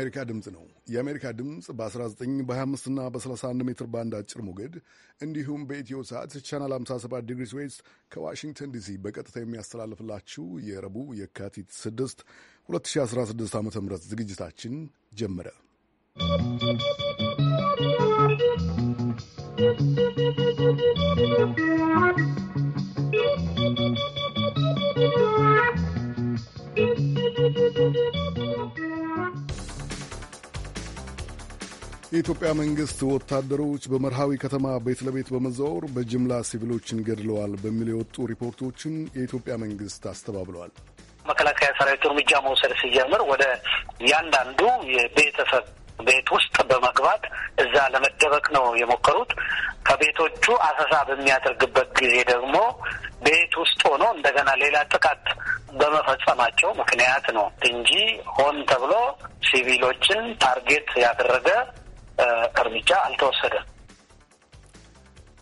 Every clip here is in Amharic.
የአሜሪካ ድምፅ ነው። የአሜሪካ ድምፅ በ19 በ25 እና በ31 ሜትር ባንድ አጭር ሞገድ እንዲሁም በኢትዮ ሰዓት ቻናል 57 ዲግሪስ ዌስት ከዋሽንግተን ዲሲ በቀጥታ የሚያስተላልፍላችሁ የረቡዕ የካቲት 6 2016 ዓ ም ዝግጅታችን ጀመረ። ¶¶ የኢትዮጵያ መንግስት ወታደሮች በመርሃዊ ከተማ ቤት ለቤት በመዘዋወር በጅምላ ሲቪሎችን ገድለዋል በሚል የወጡ ሪፖርቶችን የኢትዮጵያ መንግስት አስተባብለዋል። መከላከያ ሰራዊቱ እርምጃ መውሰድ ሲጀምር ወደ እያንዳንዱ የቤተሰብ ቤት ውስጥ በመግባት እዛ ለመደበቅ ነው የሞከሩት። ከቤቶቹ አሰሳ በሚያደርግበት ጊዜ ደግሞ ቤት ውስጥ ሆኖ እንደገና ሌላ ጥቃት በመፈጸማቸው ምክንያት ነው እንጂ ሆን ተብሎ ሲቪሎችን ታርጌት ያደረገ እርምጃ አልተወሰደም።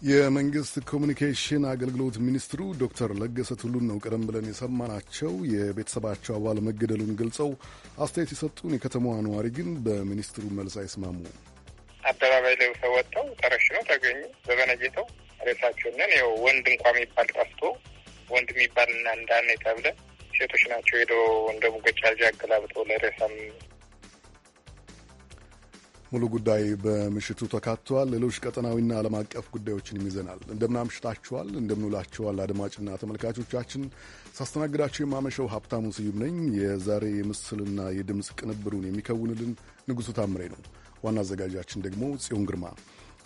የመንግስት ኮሚኒኬሽን አገልግሎት ሚኒስትሩ ዶክተር ለገሰ ቱሉን ነው ቀደም ብለን የሰማናቸው። የቤተሰባቸው አባል መገደሉን ገልጸው አስተያየት የሰጡን የከተማዋ ነዋሪ ግን በሚኒስትሩ መልስ አይስማሙ። አደባባይ ላይ ወጥተው ተረሽነው ተገኙ። በበነጌተው ሬሳቸውነን ያው ወንድ እንኳ የሚባል ጠፍቶ ወንድ የሚባል እና እንዳነ ተብለ ሴቶች ናቸው ሄዶ እንደ ሙገጫ ልጅ አገላብጠው ለሬሳም ሙሉ ጉዳይ በምሽቱ ተካቷል። ሌሎች ቀጠናዊና ዓለም አቀፍ ጉዳዮችንም ይዘናል። እንደምናምሽታችኋል፣ እንደምንውላችኋል አድማጭና ተመልካቾቻችን። ሳስተናግዳችሁ የማመሸው ሀብታሙ ስዩም ነኝ። የዛሬ የምስልና የድምፅ ቅንብሩን የሚከውንልን ንጉሡ ታምሬ ነው። ዋና አዘጋጃችን ደግሞ ጽዮን ግርማ።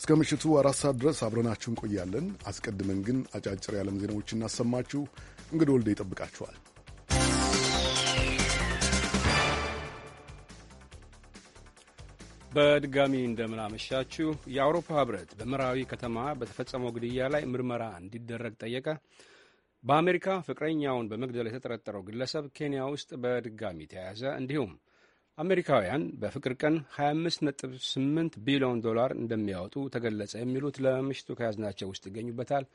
እስከ ምሽቱ አራት ሰዓት ድረስ አብረናችሁ እንቆያለን። አስቀድመን ግን አጫጭር የዓለም ዜናዎች እናሰማችሁ። እንግዲህ ወልደ ይጠብቃችኋል። በድጋሚ እንደምናመሻችሁ። የአውሮፓ ህብረት በመራዊ ከተማ በተፈጸመው ግድያ ላይ ምርመራ እንዲደረግ ጠየቀ። በአሜሪካ ፍቅረኛውን በመግደል የተጠረጠረው ግለሰብ ኬንያ ውስጥ በድጋሚ ተያያዘ። እንዲሁም አሜሪካውያን በፍቅር ቀን 25.8 ቢሊዮን ዶላር እንደሚያወጡ ተገለጸ። የሚሉት ለምሽቱ ከያዝናቸው ውስጥ ይገኙበታል።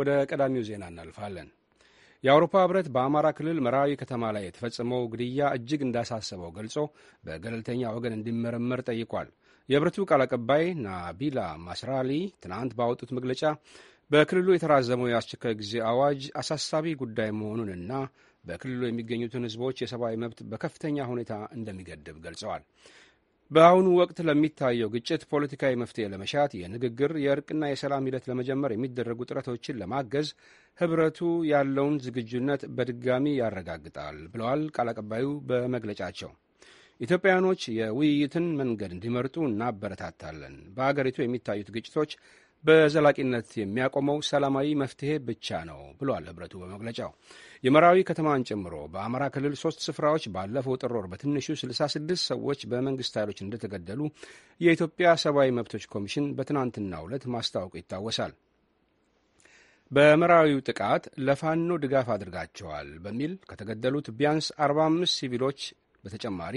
ወደ ቀዳሚው ዜና እናልፋለን። የአውሮፓ ህብረት በአማራ ክልል መራዊ ከተማ ላይ የተፈጸመው ግድያ እጅግ እንዳሳሰበው ገልጾ በገለልተኛ ወገን እንዲመረመር ጠይቋል። የህብረቱ ቃል አቀባይ ናቢላ ማስራሊ ትናንት ባወጡት መግለጫ በክልሉ የተራዘመው የአስቸኳይ ጊዜ አዋጅ አሳሳቢ ጉዳይ መሆኑንና በክልሉ የሚገኙትን ህዝቦች የሰብአዊ መብት በከፍተኛ ሁኔታ እንደሚገድብ ገልጸዋል። በአሁኑ ወቅት ለሚታየው ግጭት ፖለቲካዊ መፍትሄ ለመሻት የንግግር የእርቅና የሰላም ሂደት ለመጀመር የሚደረጉ ጥረቶችን ለማገዝ ህብረቱ ያለውን ዝግጁነት በድጋሚ ያረጋግጣል ብለዋል ቃል አቀባዩ በመግለጫቸው። ኢትዮጵያውያኖች የውይይትን መንገድ እንዲመርጡ እናበረታታለን። በአገሪቱ የሚታዩት ግጭቶች በዘላቂነት የሚያቆመው ሰላማዊ መፍትሄ ብቻ ነው ብሏል ህብረቱ በመግለጫው። የመራዊ ከተማን ጨምሮ በአማራ ክልል ሶስት ስፍራዎች ባለፈው ጥር ወር በትንሹ 66 ሰዎች በመንግስት ኃይሎች እንደተገደሉ የኢትዮጵያ ሰብአዊ መብቶች ኮሚሽን በትናንትናው ዕለት ማስታወቁ ይታወሳል። በመራዊው ጥቃት ለፋኖ ድጋፍ አድርጋቸዋል በሚል ከተገደሉት ቢያንስ 45 ሲቪሎች በተጨማሪ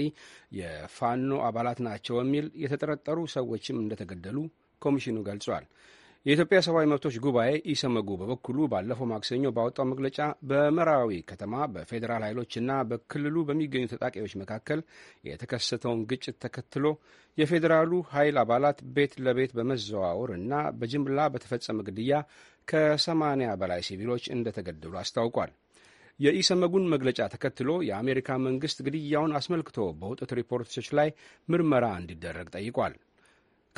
የፋኖ አባላት ናቸው በሚል የተጠረጠሩ ሰዎችም እንደተገደሉ ኮሚሽኑ ገልጿል። የኢትዮጵያ ሰብአዊ መብቶች ጉባኤ ኢሰመጉ በበኩሉ ባለፈው ማክሰኞ ባወጣው መግለጫ በመራዊ ከተማ በፌዴራል ኃይሎችና በክልሉ በሚገኙ ታጣቂዎች መካከል የተከሰተውን ግጭት ተከትሎ የፌዴራሉ ኃይል አባላት ቤት ለቤት በመዘዋወር እና በጅምላ በተፈጸመ ግድያ ከ80 በላይ ሲቪሎች እንደተገደሉ አስታውቋል። የኢሰመጉን መግለጫ ተከትሎ የአሜሪካ መንግስት ግድያውን አስመልክቶ በውጥት ሪፖርቶች ላይ ምርመራ እንዲደረግ ጠይቋል።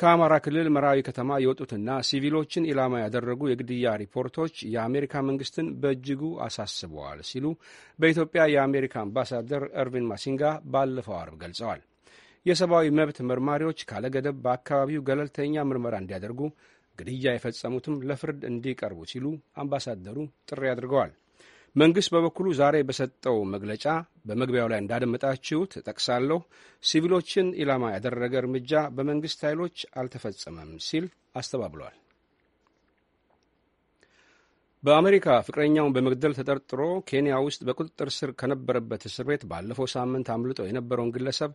ከአማራ ክልል መራዊ ከተማ የወጡትና ሲቪሎችን ኢላማ ያደረጉ የግድያ ሪፖርቶች የአሜሪካ መንግስትን በእጅጉ አሳስበዋል ሲሉ በኢትዮጵያ የአሜሪካ አምባሳደር እርቪን ማሲንጋ ባለፈው አርብ ገልጸዋል። የሰብአዊ መብት መርማሪዎች ካለገደብ በአካባቢው ገለልተኛ ምርመራ እንዲያደርጉ፣ ግድያ የፈጸሙትም ለፍርድ እንዲቀርቡ ሲሉ አምባሳደሩ ጥሪ አድርገዋል። መንግሥት በበኩሉ ዛሬ በሰጠው መግለጫ በመግቢያው ላይ እንዳደመጣችሁት ጠቅሳለሁ፣ ሲቪሎችን ኢላማ ያደረገ እርምጃ በመንግሥት ኃይሎች አልተፈጸመም ሲል አስተባብሏል። በአሜሪካ ፍቅረኛውን በመግደል ተጠርጥሮ ኬንያ ውስጥ በቁጥጥር ስር ከነበረበት እስር ቤት ባለፈው ሳምንት አምልጦ የነበረውን ግለሰብ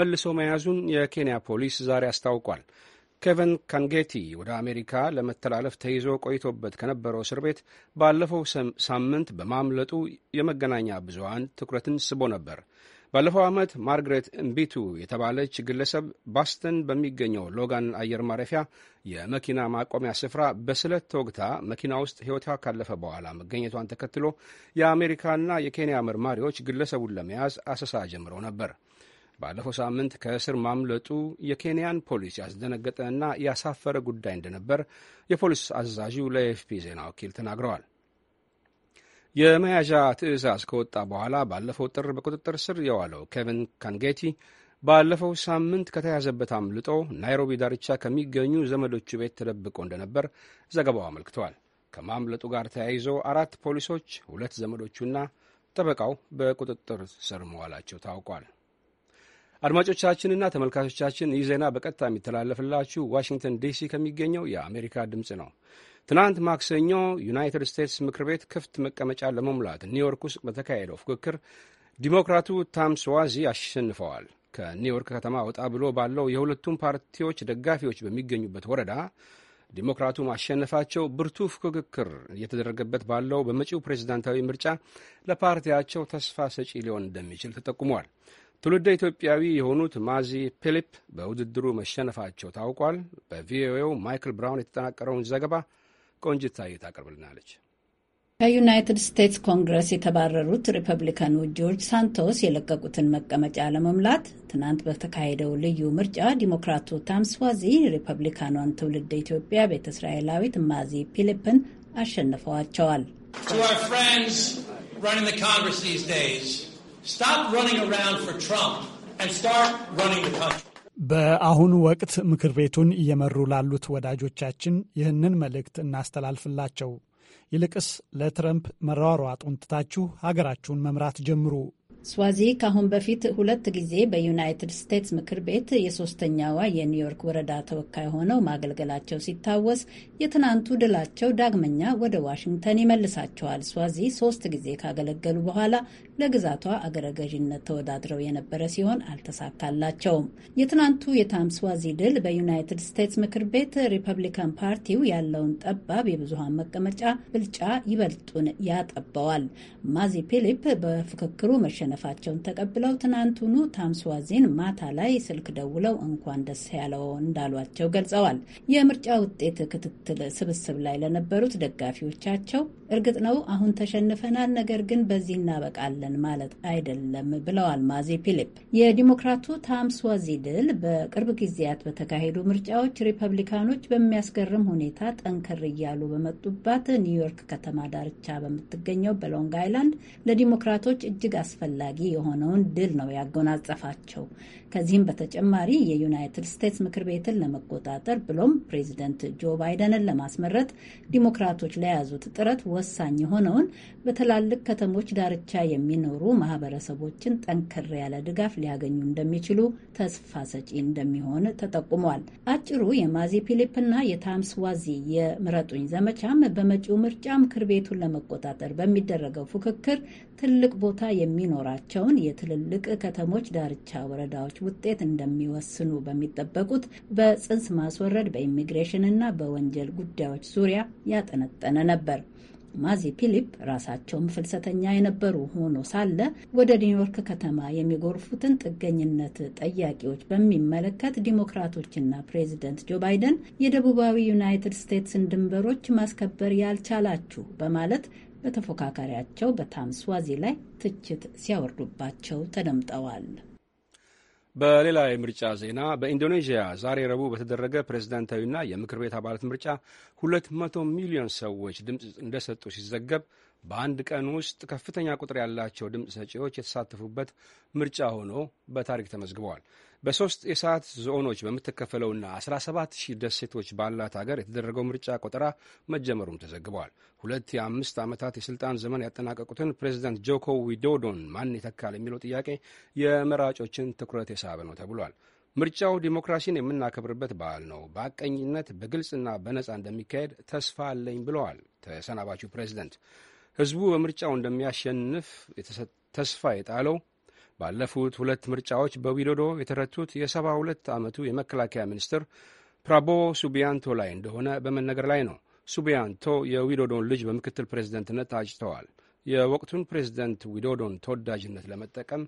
መልሶ መያዙን የኬንያ ፖሊስ ዛሬ አስታውቋል። ኬቨን ካንጌቲ ወደ አሜሪካ ለመተላለፍ ተይዞ ቆይቶበት ከነበረው እስር ቤት ባለፈው ሳምንት በማምለጡ የመገናኛ ብዙሃን ትኩረትን ስቦ ነበር። ባለፈው ዓመት ማርግሬት እምቢቱ የተባለች ግለሰብ ባስተን በሚገኘው ሎጋን አየር ማረፊያ የመኪና ማቆሚያ ስፍራ በስለት ተወግታ መኪና ውስጥ ሕይወቷ ካለፈ በኋላ መገኘቷን ተከትሎ የአሜሪካና የኬንያ መርማሪዎች ግለሰቡን ለመያዝ አሰሳ ጀምረው ነበር። ባለፈው ሳምንት ከእስር ማምለጡ የኬንያን ፖሊስ ያስደነገጠ እና ያሳፈረ ጉዳይ እንደነበር የፖሊስ አዛዡ ለኤፍፒ ዜና ወኪል ተናግረዋል። የመያዣ ትዕዛዝ ከወጣ በኋላ ባለፈው ጥር በቁጥጥር ስር የዋለው ኬቪን ካንጌቲ ባለፈው ሳምንት ከተያዘበት አምልጦ ናይሮቢ ዳርቻ ከሚገኙ ዘመዶቹ ቤት ተደብቆ እንደነበር ዘገባው አመልክቷል። ከማምለጡ ጋር ተያይዞ አራት ፖሊሶች፣ ሁለት ዘመዶቹና ጠበቃው በቁጥጥር ስር መዋላቸው ታውቋል። አድማጮቻችንና ተመልካቾቻችን ይህ ዜና በቀጥታ የሚተላለፍላችሁ ዋሽንግተን ዲሲ ከሚገኘው የአሜሪካ ድምፅ ነው። ትናንት ማክሰኞ ዩናይትድ ስቴትስ ምክር ቤት ክፍት መቀመጫ ለመሙላት ኒውዮርክ ውስጥ በተካሄደው ፉክክር ዲሞክራቱ ታም ስዋዚ አሸንፈዋል። ከኒውዮርክ ከተማ ወጣ ብሎ ባለው የሁለቱም ፓርቲዎች ደጋፊዎች በሚገኙበት ወረዳ ዲሞክራቱ ማሸነፋቸው ብርቱ ፉክክር እየተደረገበት ባለው በመጪው ፕሬዝዳንታዊ ምርጫ ለፓርቲያቸው ተስፋ ሰጪ ሊሆን እንደሚችል ተጠቁሟል። ትውልደ ኢትዮጵያዊ የሆኑት ማዚ ፒሊፕ በውድድሩ መሸነፋቸው ታውቋል። በቪኦኤው ማይክል ብራውን የተጠናቀረውን ዘገባ ቆንጅት ታዬ ታቀርብልናለች። ከዩናይትድ ስቴትስ ኮንግረስ የተባረሩት ሪፐብሊካኑ ጆርጅ ሳንቶስ የለቀቁትን መቀመጫ ለመሙላት ትናንት በተካሄደው ልዩ ምርጫ ዲሞክራቱ ታምስዋዚ ሪፐብሊካኗን ትውልድ ኢትዮጵያ ቤተ እስራኤላዊት ማዚ ፊሊፕን አሸንፈዋቸዋል። Stop running around for Trump and start running the country. በአሁኑ ወቅት ምክር ቤቱን እየመሩ ላሉት ወዳጆቻችን ይህንን መልእክት እናስተላልፍላቸው። ይልቅስ ለትረምፕ መሯሯጡን ትታችሁ ሀገራችሁን መምራት ጀምሩ። ስዋዚ ከአሁን በፊት ሁለት ጊዜ በዩናይትድ ስቴትስ ምክር ቤት የሶስተኛዋ የኒውዮርክ ወረዳ ተወካይ ሆነው ማገልገላቸው ሲታወስ የትናንቱ ድላቸው ዳግመኛ ወደ ዋሽንግተን ይመልሳቸዋል። ስዋዚ ሶስት ጊዜ ካገለገሉ በኋላ ለግዛቷ አገረ ገዥነት ተወዳድረው የነበረ ሲሆን አልተሳካላቸውም። የትናንቱ የታም ስዋዚ ድል በዩናይትድ ስቴትስ ምክር ቤት ሪፐብሊካን ፓርቲው ያለውን ጠባብ የብዙሃን መቀመጫ ብልጫ ይበልጡን ያጠበዋል። ማዚ ፒሊፕ በፍክክሩ መሸ መተላለፋቸውን ተቀብለው ትናንቱኑ ታምስዋዚን ማታ ላይ ስልክ ደውለው እንኳን ደስ ያለው እንዳሏቸው ገልጸዋል። የምርጫ ውጤት ክትትል ስብስብ ላይ ለነበሩት ደጋፊዎቻቸው እርግጥ ነው አሁን ተሸንፈናል፣ ነገር ግን በዚህ እናበቃለን ማለት አይደለም ብለዋል ማዜ ፒሊፕ። የዲሞክራቱ ታምስዋዚ ድል በቅርብ ጊዜያት በተካሄዱ ምርጫዎች ሪፐብሊካኖች በሚያስገርም ሁኔታ ጠንከር እያሉ በመጡባት ኒውዮርክ ከተማ ዳርቻ በምትገኘው በሎንግ አይላንድ ለዲሞክራቶች እጅግ አስፈላጊ አስፈላጊ የሆነውን ድል ነው ያጎናጸፋቸው። ከዚህም በተጨማሪ የዩናይትድ ስቴትስ ምክር ቤትን ለመቆጣጠር ብሎም ፕሬዚደንት ጆ ባይደንን ለማስመረጥ ዲሞክራቶች ለያዙት ጥረት ወሳኝ የሆነውን በትላልቅ ከተሞች ዳርቻ የሚኖሩ ማህበረሰቦችን ጠንከር ያለ ድጋፍ ሊያገኙ እንደሚችሉ ተስፋ ሰጪ እንደሚሆን ተጠቁሟል። አጭሩ የማዚ ፒሊፕና የታምስ ዋዚ የምረጡኝ ዘመቻም በመጪው ምርጫ ምክር ቤቱን ለመቆጣጠር በሚደረገው ፉክክር ትልቅ ቦታ የሚኖራል መኖራቸውን የትልልቅ ከተሞች ዳርቻ ወረዳዎች ውጤት እንደሚወስኑ በሚጠበቁት በጽንስ ማስወረድ፣ በኢሚግሬሽን እና በወንጀል ጉዳዮች ዙሪያ ያጠነጠነ ነበር። ማዚ ፒሊፕ ራሳቸውም ፍልሰተኛ የነበሩ ሆኖ ሳለ ወደ ኒውዮርክ ከተማ የሚጎርፉትን ጥገኝነት ጠያቂዎች በሚመለከት ዲሞክራቶችና ፕሬዚደንት ጆ ባይደን የደቡባዊ ዩናይትድ ስቴትስን ድንበሮች ማስከበር ያልቻላችሁ በማለት በተፎካካሪያቸው ስዋዚ ላይ ትችት ሲያወርዱባቸው ተደምጠዋል። በሌላ የምርጫ ዜና በኢንዶኔዥያ ዛሬ ረቡዕ በተደረገ ፕሬዝዳንታዊና የምክር ቤት አባላት ምርጫ 200 ሚሊዮን ሰዎች ድምፅ እንደሰጡ ሲዘገብ በአንድ ቀን ውስጥ ከፍተኛ ቁጥር ያላቸው ድምፅ ሰጪዎች የተሳተፉበት ምርጫ ሆኖ በታሪክ ተመዝግበዋል። በሶስት የሰዓት ዞኖች በምትከፈለውና 17 ደሴቶች ባላት ሀገር የተደረገው ምርጫ ቆጠራ መጀመሩም ተዘግበዋል። ሁለት የአምስት ዓመታት የሥልጣን ዘመን ያጠናቀቁትን ፕሬዚዳንት ጆኮ ዊዶዶን ማን ይተካል የሚለው ጥያቄ የመራጮችን ትኩረት የሳበ ነው ተብሏል። ምርጫው ዲሞክራሲን የምናከብርበት በዓል ነው፣ በአቀኝነት በግልጽና በነጻ እንደሚካሄድ ተስፋ አለኝ ብለዋል ተሰናባቹ ፕሬዚደንት ህዝቡ በምርጫው እንደሚያሸንፍ ተስፋ የጣለው ባለፉት ሁለት ምርጫዎች በዊዶዶ የተረቱት የሰባ ሁለት ዓመቱ የመከላከያ ሚኒስትር ፕራቦ ሱቢያንቶ ላይ እንደሆነ በመነገር ላይ ነው። ሱቢያንቶ የዊዶዶን ልጅ በምክትል ፕሬዝደንትነት አጭተዋል። የወቅቱን ፕሬዝደንት ዊዶዶን ተወዳጅነት ለመጠቀም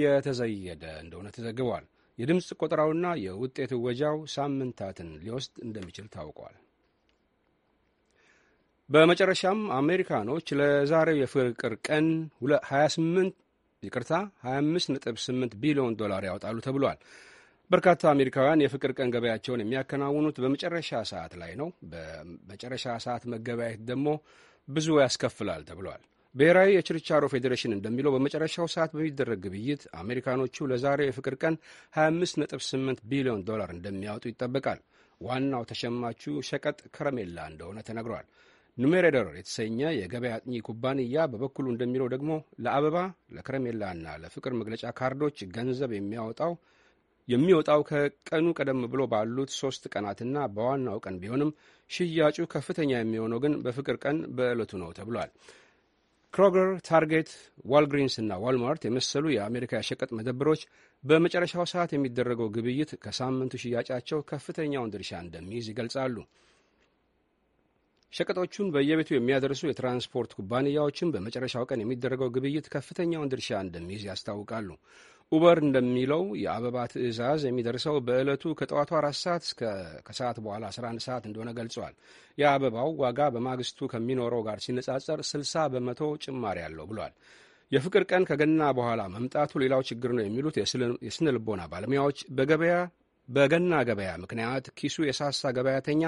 የተዘየደ እንደሆነ ተዘግቧል። የድምፅ ቆጠራውና የውጤት ወጃው ሳምንታትን ሊወስድ እንደሚችል ታውቋል። በመጨረሻም አሜሪካኖች ለዛሬው የፍቅር ቀን 28 ይቅርታ 25.8 ቢሊዮን ዶላር ያወጣሉ ተብሏል። በርካታ አሜሪካውያን የፍቅር ቀን ገበያቸውን የሚያከናውኑት በመጨረሻ ሰዓት ላይ ነው። በመጨረሻ ሰዓት መገበያየት ደግሞ ብዙ ያስከፍላል ተብሏል። ብሔራዊ የችርቻሮ ፌዴሬሽን እንደሚለው በመጨረሻው ሰዓት በሚደረግ ግብይት አሜሪካኖቹ ለዛሬው የፍቅር ቀን 25.8 ቢሊዮን ዶላር እንደሚያወጡ ይጠበቃል። ዋናው ተሸማቹ ሸቀጥ ከረሜላ እንደሆነ ተነግሯል። ኑሜሬደር የተሰኘ የገበያ አጥኚ ኩባንያ በበኩሉ እንደሚለው ደግሞ ለአበባ ለከረሜላና ለፍቅር መግለጫ ካርዶች ገንዘብ የሚያወጣው የሚወጣው ከቀኑ ቀደም ብሎ ባሉት ሶስት ቀናትና በዋናው ቀን ቢሆንም ሽያጩ ከፍተኛ የሚሆነው ግን በፍቅር ቀን በዕለቱ ነው ተብሏል። ክሮገር፣ ታርጌት፣ ዋልግሪንስ እና ዋልማርት የመሰሉ የአሜሪካ የሸቀጥ መደብሮች በመጨረሻው ሰዓት የሚደረገው ግብይት ከሳምንቱ ሽያጫቸው ከፍተኛውን ድርሻ እንደሚይዝ ይገልጻሉ። ሸቀጦቹን በየቤቱ የሚያደርሱ የትራንስፖርት ኩባንያዎችን በመጨረሻው ቀን የሚደረገው ግብይት ከፍተኛውን ድርሻ እንደሚይዝ ያስታውቃሉ። ኡበር እንደሚለው የአበባ ትዕዛዝ የሚደርሰው በዕለቱ ከጠዋቱ አራት ሰዓት እስከ ከሰዓት በኋላ 11 ሰዓት እንደሆነ ገልጿል። የአበባው ዋጋ በማግስቱ ከሚኖረው ጋር ሲነጻጸር 60 በመቶ ጭማሪ አለው ብሏል። የፍቅር ቀን ከገና በኋላ መምጣቱ ሌላው ችግር ነው የሚሉት የስነ ልቦና ባለሙያዎች በገበያ በገና ገበያ ምክንያት ኪሱ የሳሳ ገበያተኛ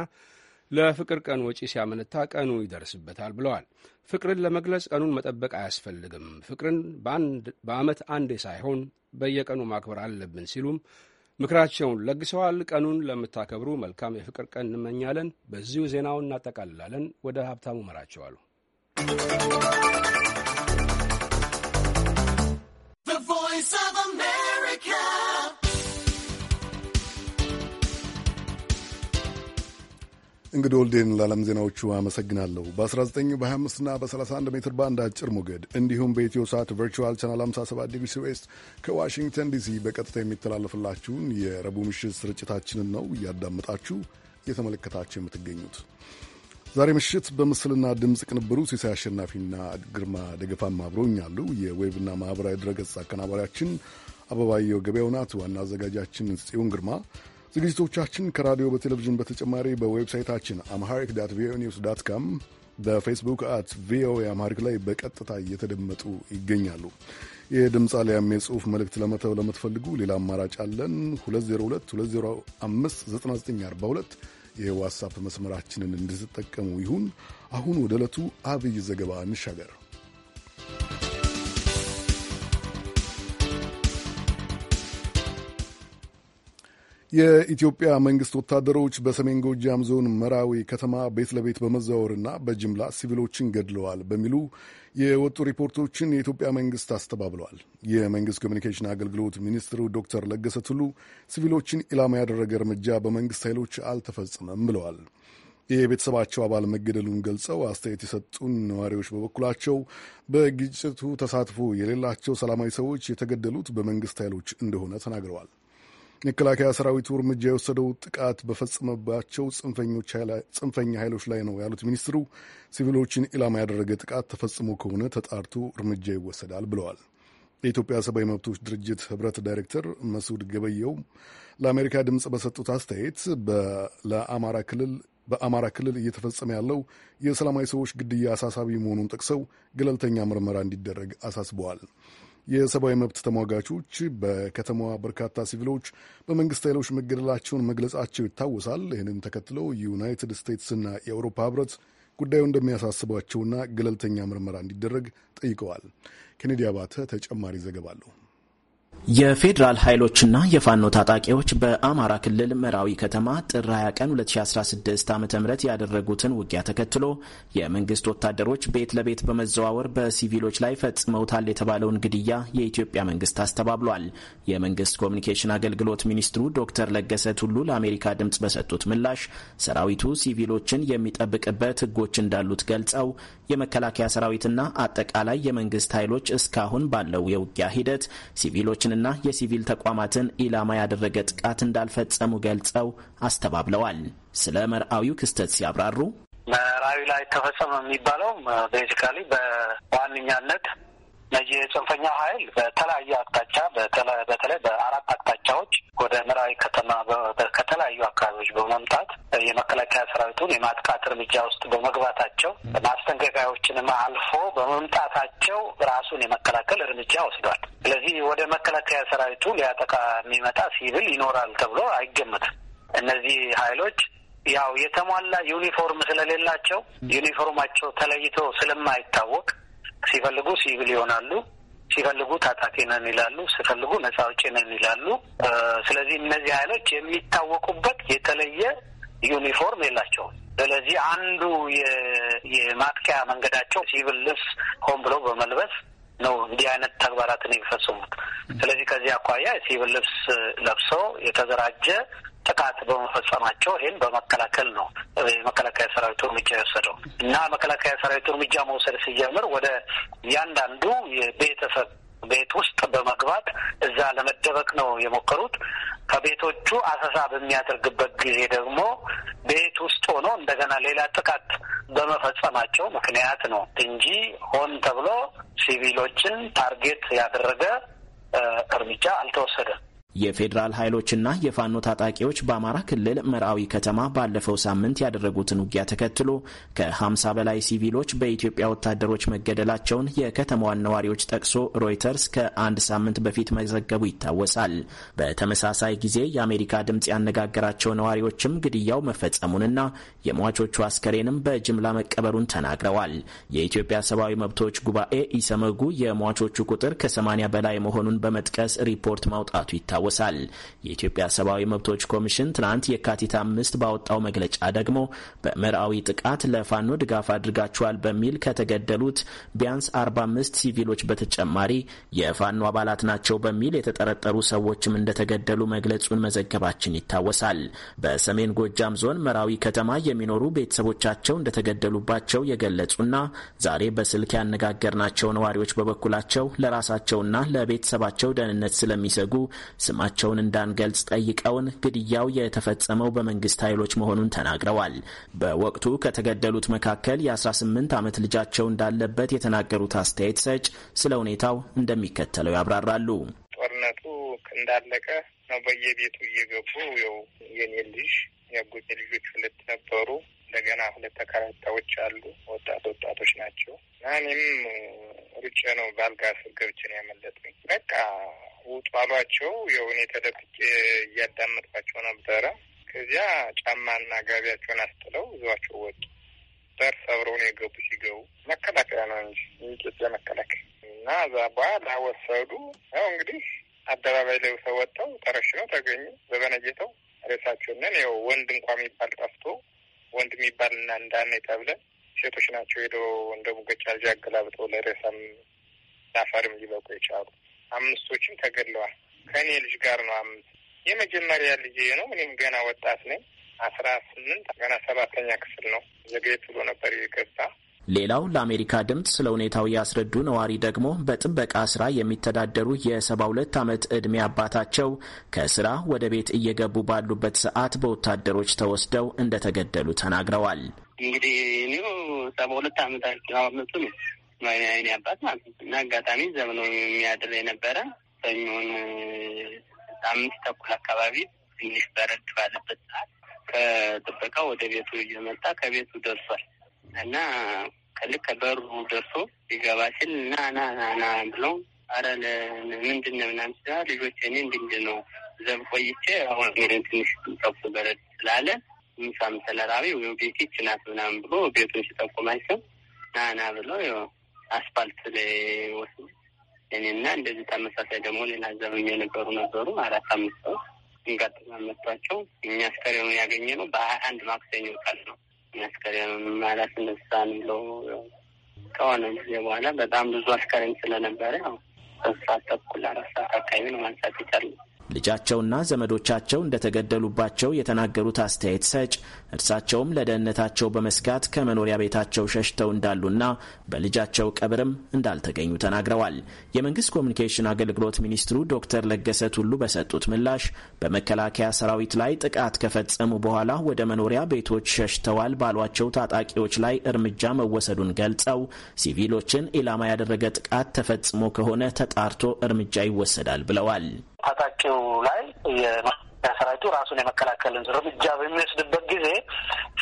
ለፍቅር ቀን ወጪ ሲያመነታ ቀኑ ይደርስበታል ብለዋል። ፍቅርን ለመግለጽ ቀኑን መጠበቅ አያስፈልግም። ፍቅርን በዓመት አንዴ ሳይሆን በየቀኑ ማክበር አለብን ሲሉም ምክራቸውን ለግሰዋል። ቀኑን ለምታከብሩ መልካም የፍቅር ቀን እንመኛለን። በዚሁ ዜናውን እናጠቃልላለን። ወደ ሀብታሙ መራቸዋሉ። እንግዲህ ወልዴን ለዓለም ዜናዎቹ አመሰግናለሁ። በ19 በ25ና በ31 ሜትር ባንድ አጭር ሞገድ እንዲሁም በኢትዮ ሳት ቨርቹዋል ቻናል 57 ዲግሪ ዌስት ከዋሽንግተን ዲሲ በቀጥታ የሚተላለፍላችሁን የረቡዕ ምሽት ስርጭታችንን ነው እያዳመጣችሁ እየተመለከታችሁ የምትገኙት። ዛሬ ምሽት በምስልና ድምፅ ቅንብሩ ሲሳይ አሸናፊና ግርማ ደገፋም አብረውኛሉ። የዌብና ማኅበራዊ ድረገጽ አቀናባሪያችን አበባየው ገበያው ናት። ዋና አዘጋጃችን ጽዮን ግርማ ዝግጅቶቻችን ከራዲዮ በቴሌቪዥን በተጨማሪ በዌብሳይታችን አምሃሪክ ዳት ቪኦኤ ኒውስ ዳት ካም በፌስቡክ አት ቪኦኤ አማሪክ ላይ በቀጥታ እየተደመጡ ይገኛሉ። የድምፅ አሊያም የጽሁፍ መልእክት ለመተው ለምትፈልጉ ሌላ አማራጭ አለን። 2022059942 የዋትሳፕ መስመራችንን እንድትጠቀሙ ይሁን። አሁን ወደ ዕለቱ አብይ ዘገባ እንሻገር። የኢትዮጵያ መንግስት ወታደሮች በሰሜን ጎጃም ዞን መራዊ ከተማ ቤት ለቤት በመዘዋወርና በጅምላ ሲቪሎችን ገድለዋል በሚሉ የወጡ ሪፖርቶችን የኢትዮጵያ መንግስት አስተባብለዋል። የመንግስት ኮሚኒኬሽን አገልግሎት ሚኒስትሩ ዶክተር ለገሰ ቱሉ ሲቪሎችን ኢላማ ያደረገ እርምጃ በመንግስት ኃይሎች አልተፈጸመም ብለዋል። የቤተሰባቸው አባል መገደሉን ገልጸው አስተያየት የሰጡን ነዋሪዎች በበኩላቸው በግጭቱ ተሳትፎ የሌላቸው ሰላማዊ ሰዎች የተገደሉት በመንግስት ኃይሎች እንደሆነ ተናግረዋል። መከላከያ ሰራዊቱ እርምጃ የወሰደው ጥቃት በፈጸመባቸው ጽንፈኛ ኃይሎች ላይ ነው ያሉት ሚኒስትሩ ሲቪሎችን ኢላማ ያደረገ ጥቃት ተፈጽሞ ከሆነ ተጣርቶ እርምጃ ይወሰዳል ብለዋል። የኢትዮጵያ ሰብአዊ መብቶች ድርጅት ህብረት ዳይሬክተር መስዑድ ገበየው ለአሜሪካ ድምፅ በሰጡት አስተያየት ለአማራ ክልል በአማራ ክልል እየተፈጸመ ያለው የሰላማዊ ሰዎች ግድያ አሳሳቢ መሆኑን ጠቅሰው ገለልተኛ ምርመራ እንዲደረግ አሳስበዋል። የሰብአዊ መብት ተሟጋቾች በከተማዋ በርካታ ሲቪሎች በመንግስት ኃይሎች መገደላቸውን መግለጻቸው ይታወሳል። ይህንን ተከትሎ የዩናይትድ ስቴትስና የአውሮፓ ህብረት ጉዳዩ እንደሚያሳስባቸውና ገለልተኛ ምርመራ እንዲደረግ ጠይቀዋል። ኬኔዲ አባተ ተጨማሪ ዘገባ አለው የፌዴራል ኃይሎችና የፋኖ ታጣቂዎች በአማራ ክልል መራዊ ከተማ ጥር 20 ቀን 2016 ዓ ም ያደረጉትን ውጊያ ተከትሎ የመንግስት ወታደሮች ቤት ለቤት በመዘዋወር በሲቪሎች ላይ ፈጽመውታል የተባለውን ግድያ የኢትዮጵያ መንግስት አስተባብሏል። የመንግስት ኮሚኒኬሽን አገልግሎት ሚኒስትሩ ዶክተር ለገሰ ቱሉ ለአሜሪካ ድምፅ በሰጡት ምላሽ ሰራዊቱ ሲቪሎችን የሚጠብቅበት ህጎች እንዳሉት ገልጸው የመከላከያ ሰራዊትና አጠቃላይ የመንግስት ኃይሎች እስካሁን ባለው የውጊያ ሂደት ሲቪሎች ሰዎችንና የሲቪል ተቋማትን ኢላማ ያደረገ ጥቃት እንዳልፈጸሙ ገልጸው አስተባብለዋል። ስለ መርአዊው ክስተት ሲያብራሩ መራዊ ላይ ተፈጸመ የሚባለው ቤዚካሊ በዋነኛነት የጽንፈኛ ኃይል በተለያዩ አቅጣጫ በተለይ በአራት አቅጣጫዎች ወደ ምራዊ ከተማ ከተለያዩ አካባቢዎች በመምጣት የመከላከያ ሰራዊቱን የማጥቃት እርምጃ ውስጥ በመግባታቸው ማስጠንቀቂያዎችንም አልፎ በመምጣታቸው ራሱን የመከላከል እርምጃ ወስዷል። ስለዚህ ወደ መከላከያ ሰራዊቱ ሊያጠቃ የሚመጣ ሲቪል ይኖራል ተብሎ አይገመትም። እነዚህ ኃይሎች ያው የተሟላ ዩኒፎርም ስለሌላቸው ዩኒፎርማቸው ተለይቶ ስለማይታወቅ ሲፈልጉ ሲቪል ይሆናሉ፣ ሲፈልጉ ታጣቂ ነን ይላሉ፣ ሲፈልጉ ነጻ አውጪ ነን ይላሉ። ስለዚህ እነዚህ ኃይሎች የሚታወቁበት የተለየ ዩኒፎርም የላቸውም። ስለዚህ አንዱ የማጥቂያ መንገዳቸው ሲቪል ልብስ ሆን ብሎ በመልበስ ነው እንዲህ አይነት ተግባራትን የሚፈጽሙት። ስለዚህ ከዚህ አኳያ ሲቪል ልብስ ለብሶ የተዘራጀ ጥቃት በመፈጸማቸው ይህን በመከላከል ነው የመከላከያ ሰራዊቱ እርምጃ የወሰደው እና መከላከያ ሰራዊቱ እርምጃ መውሰድ ሲጀምር ወደ እያንዳንዱ የቤተሰብ ቤት ውስጥ በመግባት እዛ ለመደበቅ ነው የሞከሩት። ከቤቶቹ አሰሳ በሚያደርግበት ጊዜ ደግሞ ቤት ውስጥ ሆኖ እንደገና ሌላ ጥቃት በመፈጸማቸው ምክንያት ነው እንጂ ሆን ተብሎ ሲቪሎችን ታርጌት ያደረገ እርምጃ አልተወሰደም። የፌዴራል ኃይሎችና የፋኖ ታጣቂዎች በአማራ ክልል መርአዊ ከተማ ባለፈው ሳምንት ያደረጉትን ውጊያ ተከትሎ ከ50 በላይ ሲቪሎች በኢትዮጵያ ወታደሮች መገደላቸውን የከተማዋን ነዋሪዎች ጠቅሶ ሮይተርስ ከአንድ ሳምንት በፊት መዘገቡ ይታወሳል። በተመሳሳይ ጊዜ የአሜሪካ ድምፅ ያነጋገራቸው ነዋሪዎችም ግድያው መፈጸሙንና የሟቾቹ አስከሬንም በጅምላ መቀበሩን ተናግረዋል። የኢትዮጵያ ሰብአዊ መብቶች ጉባኤ ኢሰመጉ የሟቾቹ ቁጥር ከ80 በላይ መሆኑን በመጥቀስ ሪፖርት ማውጣቱ ይታወሳል። ይታወሳል። የኢትዮጵያ ሰብአዊ መብቶች ኮሚሽን ትናንት የካቲት አምስት ባወጣው መግለጫ ደግሞ በምዕራዊ ጥቃት ለፋኖ ድጋፍ አድርጋችኋል በሚል ከተገደሉት ቢያንስ 45 ሲቪሎች በተጨማሪ የፋኖ አባላት ናቸው በሚል የተጠረጠሩ ሰዎችም እንደተገደሉ መግለጹን መዘገባችን ይታወሳል። በሰሜን ጎጃም ዞን መራዊ ከተማ የሚኖሩ ቤተሰቦቻቸው እንደተገደሉባቸው የገለጹና ዛሬ በስልክ ያነጋገርናቸው ነዋሪዎች በበኩላቸው ለራሳቸውና ለቤተሰባቸው ደህንነት ስለሚሰጉ ስማ ስማቸውን እንዳንገልጽ ጠይቀውን ግድያው የተፈጸመው በመንግስት ኃይሎች መሆኑን ተናግረዋል። በወቅቱ ከተገደሉት መካከል የ18 ዓመት ልጃቸው እንዳለበት የተናገሩት አስተያየት ሰጭ ስለ ሁኔታው እንደሚከተለው ያብራራሉ። ጦርነቱ እንዳለቀ ነው በየቤቱ እየገቡ ው የኔ ልጅ ያጎኝ ልጆች ሁለት ነበሩ። እንደገና ሁለት ተከራታዎች አሉ። ወጣት ወጣቶች ናቸው እና እኔም ሩጬ ነው ባልጋ ስር ገብቼ ነው ያመለጥኩኝ። በቃ ጣሏቸው። የሆነ ተደብቄ እያዳመጥኳቸው ነበረ። ከዚያ ጫማና ጋቢያቸውን አስጥለው ይዟቸው ወጡ። በር ሰብረው ነው የገቡ። ሲገቡ መከላከያ ነው እንጂ የኢትዮጵያ መከላከያ እና እዛ በኋላ ወሰዱ። ያው እንግዲህ አደባባይ ላይ ወጥተው ተረሽነው ተገኙ። በበነጌተው ሬሳቸውንን ያው ወንድ እንኳ የሚባል ጠፍቶ ወንድ የሚባል እና እንዳነ ተብለን ሴቶች ናቸው ሄዶ እንደ ሙገጫ ልጅ አገላብጠው ለሬሳም ለአፈርም ሊበቁ የቻሉ አምስቶችም ተገድለዋል። ከእኔ ልጅ ጋር ነው አምስት የመጀመሪያ ልጄ ነው። እኔም ገና ወጣት ነኝ። አስራ ስምንት ገና ሰባተኛ ክፍል ነው። ዘገየት ብሎ ነበር የገባ ሌላው ለአሜሪካ ድምፅ ስለ ሁኔታው ያስረዱ ነዋሪ ደግሞ በጥበቃ ስራ የሚተዳደሩ የሰባ ሁለት ዓመት ዕድሜ አባታቸው ከስራ ወደ ቤት እየገቡ ባሉበት ሰዓት በወታደሮች ተወስደው እንደተገደሉ ተናግረዋል። እንግዲህ ሰባ ሁለት ዓመት አመቱ ነው የኔ አባት ማለት ነው እና አጋጣሚ ዘመኖ የሚያድር የነበረ ሰኞን አምስት ተኩል አካባቢ ትንሽ በረድ ባለበት ሰዓት ከጥበቃ ወደ ቤቱ እየመጣ ከቤቱ ደርሷል እና ከልክ ከበሩ ደርሶ ሊገባ ሲል ና ና ና ና ብለው አረ ምንድን ነው ምናምን ስላ ልጆች እኔ እንድንድ ነው ዘብ ቆይቼ አሁን ትንሽ ጠቁ በረድ ስላለ ምሳም መሰለራዊ ወይ ቤቴ ችናት ምናምን ብሎ ቤቱን ሲጠቁማቸው ና ና ብለው አስፋልት ላይ ወስዱ እኔና እንደዚህ ተመሳሳይ ደግሞ ሌላ ዘበኛ የነበሩ ነበሩ አራት አምስት ሰው እንጋጥማ መቷቸው። እኛ ያገኘ ነው በሀያ አንድ ማክሰኞ ቀን ነው። እኛ አስከሬኑን ማለት እንሳን ብለው ከሆነ ጊዜ በኋላ በጣም ብዙ አስከሬን ስለነበረ ሶስት ሰዓት ተኩል አራት ሰዓት አካባቢ ነው ማንሳት የቻልነው። ልጃቸውና ዘመዶቻቸው እንደተገደሉባቸው የተናገሩት አስተያየት ሰጭ እርሳቸውም ለደህንነታቸው በመስጋት ከመኖሪያ ቤታቸው ሸሽተው እንዳሉና በልጃቸው ቀብርም እንዳልተገኙ ተናግረዋል። የመንግስት ኮሚኒኬሽን አገልግሎት ሚኒስትሩ ዶክተር ለገሰ ቱሉ በሰጡት ምላሽ በመከላከያ ሰራዊት ላይ ጥቃት ከፈጸሙ በኋላ ወደ መኖሪያ ቤቶች ሸሽተዋል ባሏቸው ታጣቂዎች ላይ እርምጃ መወሰዱን ገልጸው ሲቪሎችን ኢላማ ያደረገ ጥቃት ተፈጽሞ ከሆነ ተጣርቶ እርምጃ ይወሰዳል ብለዋል። ታጣቂው ላይ ሰራዊቱ ራሱን የመከላከልን እርምጃ በሚወስድበት ጊዜ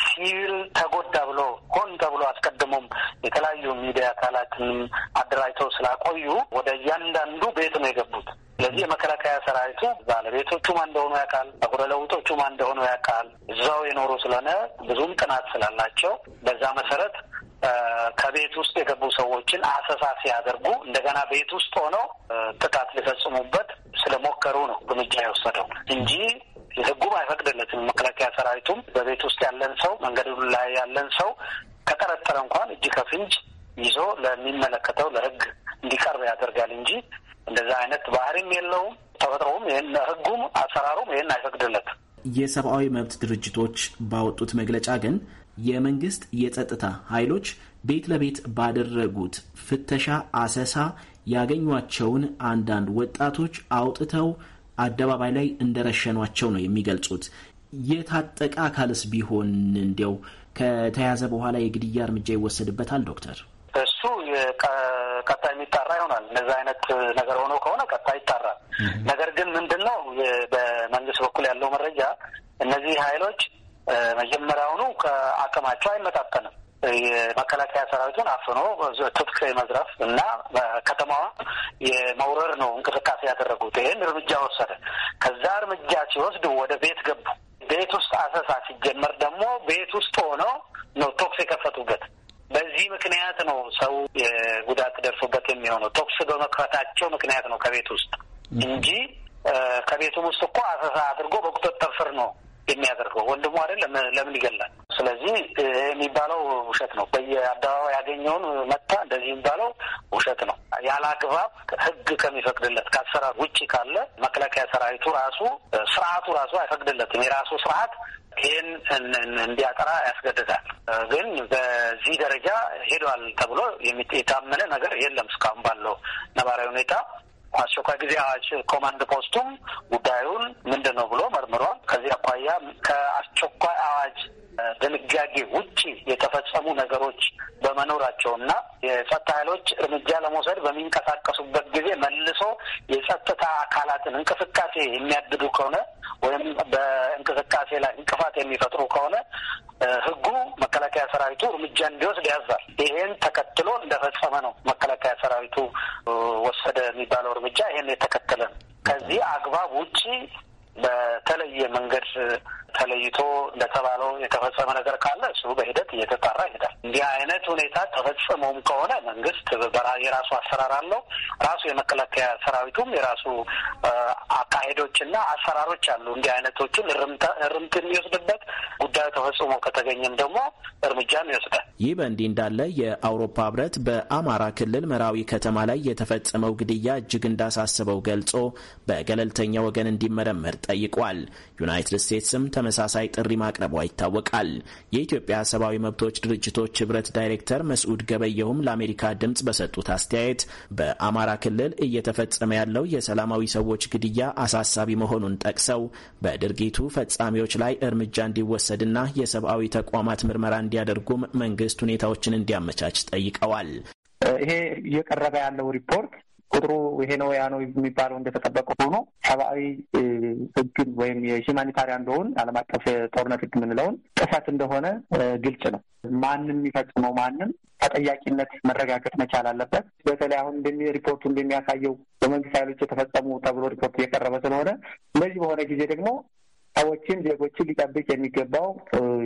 ሲቪል ተጎዳ ብሎ ሆን ተብሎ አስቀድሞም የተለያዩ ሚዲያ አካላትንም አደራጅተው ስላቆዩ ወደ እያንዳንዱ ቤት ነው የገቡት። ስለዚህ የመከላከያ ሰራዊቱ ባለቤቶቹ ማን እንደሆኑ ያውቃል፣ አጉረ ለውጦቹ ማን እንደሆኑ ያውቃል። እዛው የኖሩ ስለሆነ ብዙም ጥናት ስላላቸው በዛ መሰረት ከቤት ውስጥ የገቡ ሰዎችን አሰሳ ሲያደርጉ እንደገና ቤት ውስጥ ሆነው ጥቃት ሊፈጽሙበት ስለሞከሩ ነው እርምጃ የወሰደው እንጂ ህጉም አይፈቅድለትም። መከላከያ ሰራዊቱም በቤት ውስጥ ያለን ሰው መንገድ ላይ ያለን ሰው ከጠረጠረ እንኳን እጅ ከፍንጅ ይዞ ለሚመለከተው ለህግ እንዲቀርብ ያደርጋል እንጂ እንደዛ አይነት ባህሪም የለውም። ተፈጥሮውም ይህን ህጉም አሰራሩም ይህን አይፈቅድለትም። የሰብአዊ መብት ድርጅቶች ባወጡት መግለጫ ግን የመንግስት የጸጥታ ኃይሎች ቤት ለቤት ባደረጉት ፍተሻ፣ አሰሳ ያገኟቸውን አንዳንድ ወጣቶች አውጥተው አደባባይ ላይ እንደረሸኗቸው ነው የሚገልጹት። የታጠቀ አካልስ ቢሆን እንዲያው ከተያዘ በኋላ የግድያ እርምጃ ይወሰድበታል ዶክተር? እሱ ቀጣይ የሚጣራ ይሆናል። እነዚ አይነት ነገር ሆኖ ከሆነ ቀጣይ ይጣራል። ነገር ግን ምንድን ነው በመንግስት በኩል ያለው መረጃ እነዚህ ኃይሎች መጀመሪያውኑ ከአቅማቸው አይመጣጠንም። የመከላከያ ሰራዊቱን አፍኖ ትጥቅ መዝረፍ እና ከተማዋ የመውረር ነው እንቅስቃሴ ያደረጉት። ይህን እርምጃ ወሰደ። ከዛ እርምጃ ሲወስድ ወደ ቤት ገቡ። ቤት ውስጥ አሰሳ ሲጀመር ደግሞ ቤት ውስጥ ሆነው ነው ቶክስ የከፈቱበት። በዚህ ምክንያት ነው ሰው የጉዳት ደርሶበት የሚሆነው ቶክስ በመክፈታቸው ምክንያት ነው ከቤት ውስጥ እንጂ ከቤቱም ውስጥ እኮ አሰሳ አድርጎ በቁጥጥር ስር ነው የሚያደርገው ወንድሙ አይደል? ለምን ይገላል? ስለዚህ የሚባለው ውሸት ነው። በየአደባባይ ያገኘውን መታ እንደዚህ የሚባለው ውሸት ነው። ያለ አግባብ ከሚፈቅድለት ከአሰራር ውጭ ካለ መከላከያ ሰራዊቱ ራሱ ስርዓቱ ራሱ አይፈቅድለትም። የራሱ ስርዓት ይህን እንዲያጠራ ያስገድዳል። ግን በዚህ ደረጃ ሄዷል ተብሎ የታመነ ነገር የለም እስካሁን ባለው ነባራዊ ሁኔታ አስቸኳይ ጊዜ አዋጅ ኮማንድ ፖስቱም ጉዳዩን ምንድን ነው ብሎ አኳያ ከአስቸኳይ አዋጅ ድንጋጌ ውጪ የተፈጸሙ ነገሮች በመኖራቸው እና የጸጥታ ኃይሎች እርምጃ ለመውሰድ በሚንቀሳቀሱበት ጊዜ መልሶ የጸጥታ አካላትን እንቅስቃሴ የሚያግዱ ከሆነ ወይም በእንቅስቃሴ ላይ እንቅፋት የሚፈጥሩ ከሆነ ሕጉ መከላከያ ሰራዊቱ እርምጃ እንዲወስድ ያዛል። ይሄን ተከትሎ እንደፈጸመ ነው መከላከያ ሰራዊቱ ወሰደ የሚባለው እርምጃ ይሄን የተከተለ ነው። ከዚህ አግባብ ውጪ በተለየ መንገድ ተለይቶ እንደተባለው የተፈጸመ ነገር ካለ እሱ በሂደት እየተጣራ ይሄዳል። እንዲህ አይነት ሁኔታ ተፈጽሞም ከሆነ መንግስት የራሱ አሰራር አለው። ራሱ የመከላከያ ሰራዊቱም የራሱ አካሄዶችና አሰራሮች አሉ። እንዲህ አይነቶቹን እርምት የሚወስድበት ጉዳዩ ተፈጽሞ ከተገኘም ደግሞ እርምጃም ይወስዳል። ይህ በእንዲህ እንዳለ የአውሮፓ ህብረት በአማራ ክልል መራዊ ከተማ ላይ የተፈጸመው ግድያ እጅግ እንዳሳስበው ገልጾ በገለልተኛ ወገን እንዲመረመር ጠይቋል። ዩናይትድ ስቴትስም ተመሳሳይ ጥሪ ማቅረቧ ይታወቃል። የኢትዮጵያ ሰብአዊ መብቶች ድርጅቶች ህብረት ዳይሬክተር መስዑድ ገበየሁም ለአሜሪካ ድምፅ በሰጡት አስተያየት በአማራ ክልል እየተፈጸመ ያለው የሰላማዊ ሰዎች ግድያ አሳሳቢ መሆኑን ጠቅሰው በድርጊቱ ፈጻሚዎች ላይ እርምጃ እንዲወሰድና የሰብአዊ ተቋማት ምርመራ እንዲያደርጉም መንግስት ሁኔታዎችን እንዲያመቻች ጠይቀዋል። ይሄ እየቀረበ ያለው ሪፖርት ቁጥሩ ይሄ ነው ያ ነው የሚባለው እንደተጠበቀ ሆኖ ሰብአዊ ህግን ወይም የሂማኒታሪያን ሎውን ዓለም አቀፍ የጦርነት ህግ የምንለውን ጥሰት እንደሆነ ግልጽ ነው። ማንም የሚፈጽመው ማንም ተጠያቂነት መረጋገጥ መቻል አለበት። በተለይ አሁን እንደሚ ሪፖርቱ እንደሚያሳየው በመንግስት ኃይሎች የተፈጸሙ ተብሎ ሪፖርት እየቀረበ ስለሆነ እንደዚህ በሆነ ጊዜ ደግሞ ሰዎችን ዜጎችን ሊጠብቅ የሚገባው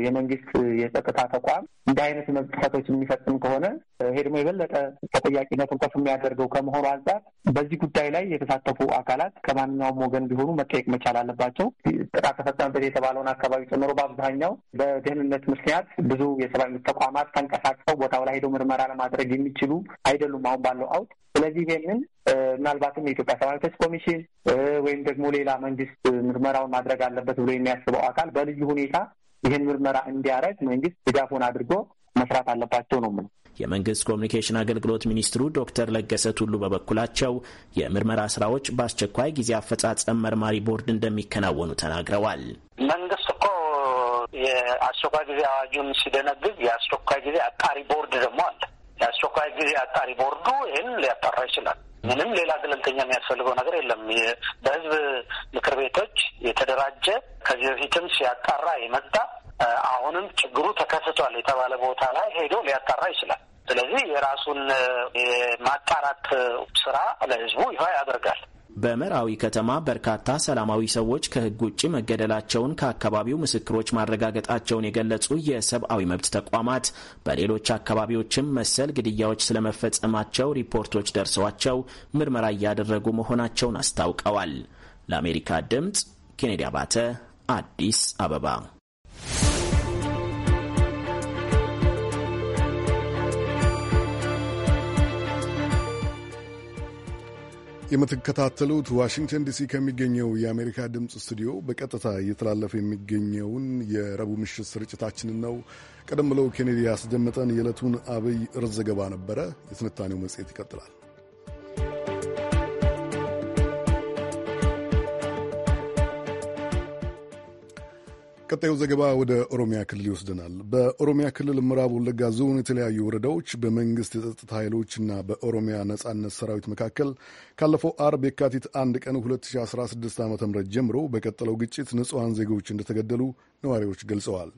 የመንግስት የጸጥታ ተቋም እንደ አይነት መብት ጥሰቶች የሚፈጽም ከሆነ ይሄ ደግሞ የበለጠ ተጠያቂነቱን ከፍ የሚያደርገው ከመሆኑ አንጻር በዚህ ጉዳይ ላይ የተሳተፉ አካላት ከማንኛውም ወገን ቢሆኑ መጠየቅ መቻል አለባቸው። ጥቃት ተፈጸመበት የተባለውን አካባቢ ጨምሮ በአብዛኛው በደህንነት ምክንያት ብዙ የሰብአዊ ተቋማት ተንቀሳቅሰው ቦታው ላይ ሄደው ምርመራ ለማድረግ የሚችሉ አይደሉም። አሁን ባለው አውት ስለዚህ ይሄንን ምናልባትም የኢትዮጵያ ሰብአዊ መብቶች ኮሚሽን ወይም ደግሞ ሌላ መንግስት ምርመራውን ማድረግ አለበት ብሎ የሚያስበው አካል በልዩ ሁኔታ ይህን ምርመራ እንዲያረግ መንግስት ድጋፉን አድርጎ መስራት አለባቸው ነው የምለው። የመንግስት ኮሚኒኬሽን አገልግሎት ሚኒስትሩ ዶክተር ለገሰ ቱሉ በበኩላቸው የምርመራ ስራዎች በአስቸኳይ ጊዜ አፈጻጸም መርማሪ ቦርድ እንደሚከናወኑ ተናግረዋል። መንግስት እኮ የአስቸኳይ ጊዜ አዋጁን ሲደነግግ የአስቸኳይ ጊዜ አጣሪ ቦርድ ደግሞ አለ። የአስቸኳይ ጊዜ አጣሪ ቦርዱ ይህን ሊያጣራ ይችላል። ምንም ሌላ ገለልተኛ የሚያስፈልገው ነገር የለም። በህዝብ ምክር ቤቶች የተደራጀ ከዚህ በፊትም ሲያጣራ የመጣ አሁንም ችግሩ ተከስቷል የተባለ ቦታ ላይ ሄዶ ሊያጣራ ይችላል። ስለዚህ የራሱን የማጣራት ስራ ለህዝቡ ይፋ ያደርጋል። በመራዊ ከተማ በርካታ ሰላማዊ ሰዎች ከህግ ውጭ መገደላቸውን ከአካባቢው ምስክሮች ማረጋገጣቸውን የገለጹ የሰብአዊ መብት ተቋማት በሌሎች አካባቢዎችም መሰል ግድያዎች ስለመፈጸማቸው ሪፖርቶች ደርሰዋቸው ምርመራ እያደረጉ መሆናቸውን አስታውቀዋል። ለአሜሪካ ድምፅ ኬኔዲ አባተ አዲስ አበባ የምትከታተሉት ዋሽንግተን ዲሲ ከሚገኘው የአሜሪካ ድምፅ ስቱዲዮ በቀጥታ እየተላለፈ የሚገኘውን የረቡዕ ምሽት ስርጭታችንን ነው። ቀደም ብለው ኬኔዲ ያስደመጠን የዕለቱን አብይ ርዕስ ዘገባ ነበረ። የትንታኔው መጽሔት ይቀጥላል። ቀጣዩ ዘገባ ወደ ኦሮሚያ ክልል ይወስደናል። በኦሮሚያ ክልል ምዕራብ ወለጋ ዞን የተለያዩ ወረዳዎች በመንግስት የጸጥታ እና በኦሮሚያ ነጻነት ሰራዊት መካከል ካለፈው አርብ የካቲት አንድ ቀን 2016 ዓ ም ጀምሮ በቀጠለው ግጭት ንጹሐን ዜጎች እንደተገደሉ ነዋሪዎች ገልጸዋል።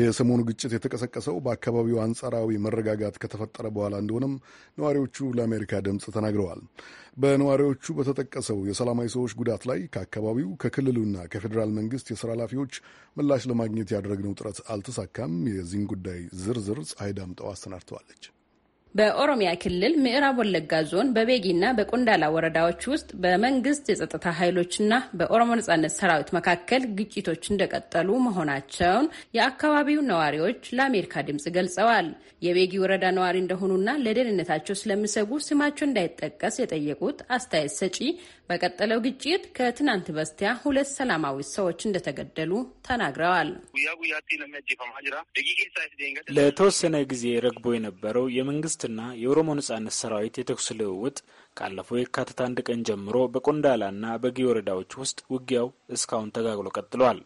የሰሞኑ ግጭት የተቀሰቀሰው በአካባቢው አንጻራዊ መረጋጋት ከተፈጠረ በኋላ እንደሆነም ነዋሪዎቹ ለአሜሪካ ድምፅ ተናግረዋል። በነዋሪዎቹ በተጠቀሰው የሰላማዊ ሰዎች ጉዳት ላይ ከአካባቢው ከክልሉና ከፌዴራል መንግስት የስራ ኃላፊዎች ምላሽ ለማግኘት ያደረግነው ጥረት አልተሳካም። የዚህን ጉዳይ ዝርዝር ፀሐይ ዳምጠው አሰናድተዋለች። በኦሮሚያ ክልል ምዕራብ ወለጋ ዞን በቤጊና በቆንዳላ ወረዳዎች ውስጥ በመንግስት የጸጥታ ኃይሎችና በኦሮሞ ነጻነት ሰራዊት መካከል ግጭቶች እንደቀጠሉ መሆናቸውን የአካባቢው ነዋሪዎች ለአሜሪካ ድምጽ ገልጸዋል። የቤጊ ወረዳ ነዋሪ እንደሆኑና ለደህንነታቸው ስለሚሰጉ ስማቸው እንዳይጠቀስ የጠየቁት አስተያየት ሰጪ በቀጠለው ግጭት ከትናንት በስቲያ ሁለት ሰላማዊ ሰዎች እንደተገደሉ ተናግረዋል። ለተወሰነ ጊዜ ረግቦ የነበረው የመንግስትና የኦሮሞ ነጻነት ሰራዊት የተኩስ ልውውጥ ካለፈው የካቲት አንድ ቀን ጀምሮ በቆንዳላና በጊ ወረዳዎች ውስጥ ውጊያው እስካሁን ተጋግሎ ቀጥሏል።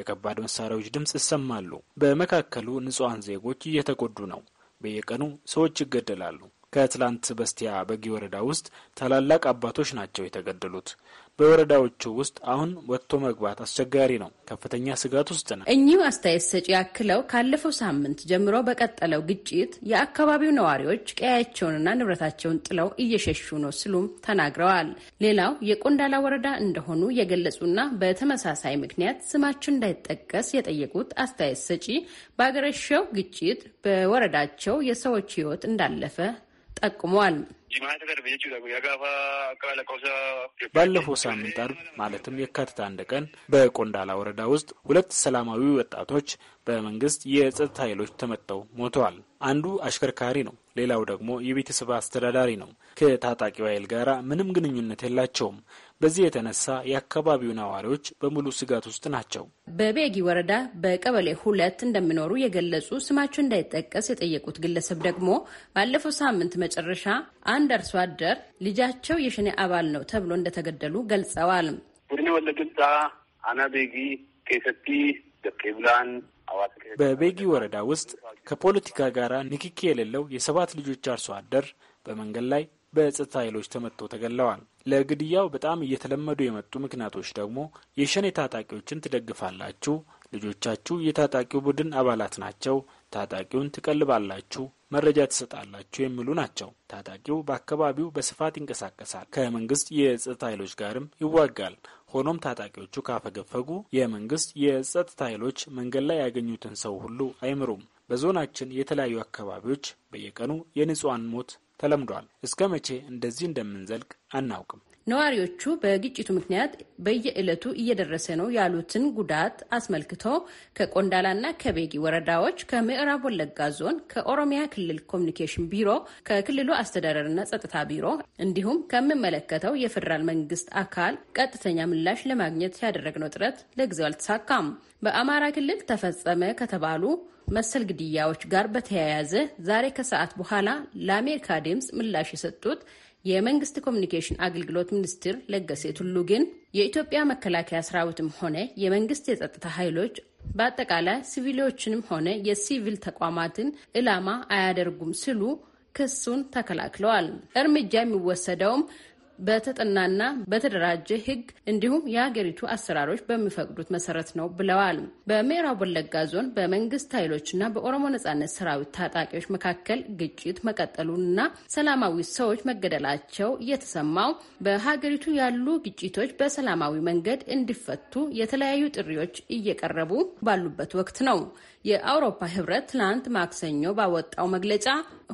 የከባድ መሳሪያዎች ድምፅ ይሰማሉ። በመካከሉ ንጹሐን ዜጎች እየተጎዱ ነው። በየቀኑ ሰዎች ይገደላሉ። ከትላንት በስቲያ በጊ ወረዳ ውስጥ ታላላቅ አባቶች ናቸው የተገደሉት። በወረዳዎቹ ውስጥ አሁን ወጥቶ መግባት አስቸጋሪ ነው። ከፍተኛ ስጋት ውስጥ ነው። እኚሁ አስተያየት ሰጪ ያክለው ካለፈው ሳምንት ጀምሮ በቀጠለው ግጭት የአካባቢው ነዋሪዎች ቀያቸውንና ንብረታቸውን ጥለው እየሸሹ ነው ሲሉም ተናግረዋል። ሌላው የቆንዳላ ወረዳ እንደሆኑ የገለጹና በተመሳሳይ ምክንያት ስማቸው እንዳይጠቀስ የጠየቁት አስተያየት ሰጪ በአገረሸው ግጭት በወረዳቸው የሰዎች ሕይወት እንዳለፈ ጠቁመዋል። ባለፈው ሳምንት አርብ ማለትም የካቲት አንድ ቀን በቆንዳላ ወረዳ ውስጥ ሁለት ሰላማዊ ወጣቶች በመንግስት የጸጥታ ኃይሎች ተመተው ሞተዋል። አንዱ አሽከርካሪ ነው፣ ሌላው ደግሞ የቤተሰብ አስተዳዳሪ ነው። ከታጣቂው ኃይል ጋር ምንም ግንኙነት የላቸውም። በዚህ የተነሳ የአካባቢው ነዋሪዎች በሙሉ ስጋት ውስጥ ናቸው። በቤጊ ወረዳ በቀበሌ ሁለት እንደሚኖሩ የገለጹ ስማቸው እንዳይጠቀስ የጠየቁት ግለሰብ ደግሞ ባለፈው ሳምንት መጨረሻ አንድ አርሶ አደር ልጃቸው የሽኔ አባል ነው ተብሎ እንደተገደሉ ገልጸዋል። በቤጊ ወረዳ ውስጥ ከፖለቲካ ጋር ንክኪ የሌለው የሰባት ልጆች አርሶ አደር በመንገድ ላይ በጸጥታ ኃይሎች ተመቶ ተገለዋል። ለግድያው በጣም እየተለመዱ የመጡ ምክንያቶች ደግሞ የሸኔ ታጣቂዎችን ትደግፋላችሁ፣ ልጆቻችሁ የታጣቂው ቡድን አባላት ናቸው፣ ታጣቂውን ትቀልባላችሁ መረጃ ትሰጣላችሁ የሚሉ ናቸው። ታጣቂው በአካባቢው በስፋት ይንቀሳቀሳል። ከመንግስት የጸጥታ ኃይሎች ጋርም ይዋጋል። ሆኖም ታጣቂዎቹ ካፈገፈጉ የመንግስት የጸጥታ ኃይሎች መንገድ ላይ ያገኙትን ሰው ሁሉ አይምሩም። በዞናችን የተለያዩ አካባቢዎች በየቀኑ የንጹሐን ሞት ተለምዷል። እስከ መቼ እንደዚህ እንደምንዘልቅ አናውቅም። ነዋሪዎቹ በግጭቱ ምክንያት በየዕለቱ እየደረሰ ነው ያሉትን ጉዳት አስመልክቶ ከቆንዳላና ከቤጊ ወረዳዎች ከምዕራብ ወለጋ ዞን ከኦሮሚያ ክልል ኮሚኒኬሽን ቢሮ ከክልሉ አስተዳደርና ጸጥታ ቢሮ እንዲሁም ከሚመለከተው የፌዴራል መንግስት አካል ቀጥተኛ ምላሽ ለማግኘት ያደረግነው ጥረት ለጊዜው አልተሳካም። በአማራ ክልል ተፈጸመ ከተባሉ መሰል ግድያዎች ጋር በተያያዘ ዛሬ ከሰዓት በኋላ ለአሜሪካ ድምፅ ምላሽ የሰጡት የመንግስት ኮሚኒኬሽን አገልግሎት ሚኒስትር ለገሴ ቱሉ ግን የኢትዮጵያ መከላከያ ሰራዊትም ሆነ የመንግስት የጸጥታ ኃይሎች በአጠቃላይ ሲቪሎችንም ሆነ የሲቪል ተቋማትን ዕላማ አያደርጉም ሲሉ ክሱን ተከላክለዋል። እርምጃ የሚወሰደውም በተጠናና በተደራጀ ህግ እንዲሁም የሀገሪቱ አሰራሮች በሚፈቅዱት መሰረት ነው ብለዋል። በምዕራብ ወለጋ ዞን በመንግስት ኃይሎችና በኦሮሞ ነጻነት ሰራዊት ታጣቂዎች መካከል ግጭት መቀጠሉና ሰላማዊ ሰዎች መገደላቸው እየተሰማው በሀገሪቱ ያሉ ግጭቶች በሰላማዊ መንገድ እንዲፈቱ የተለያዩ ጥሪዎች እየቀረቡ ባሉበት ወቅት ነው። የአውሮፓ ህብረት ትላንት ማክሰኞ ባወጣው መግለጫ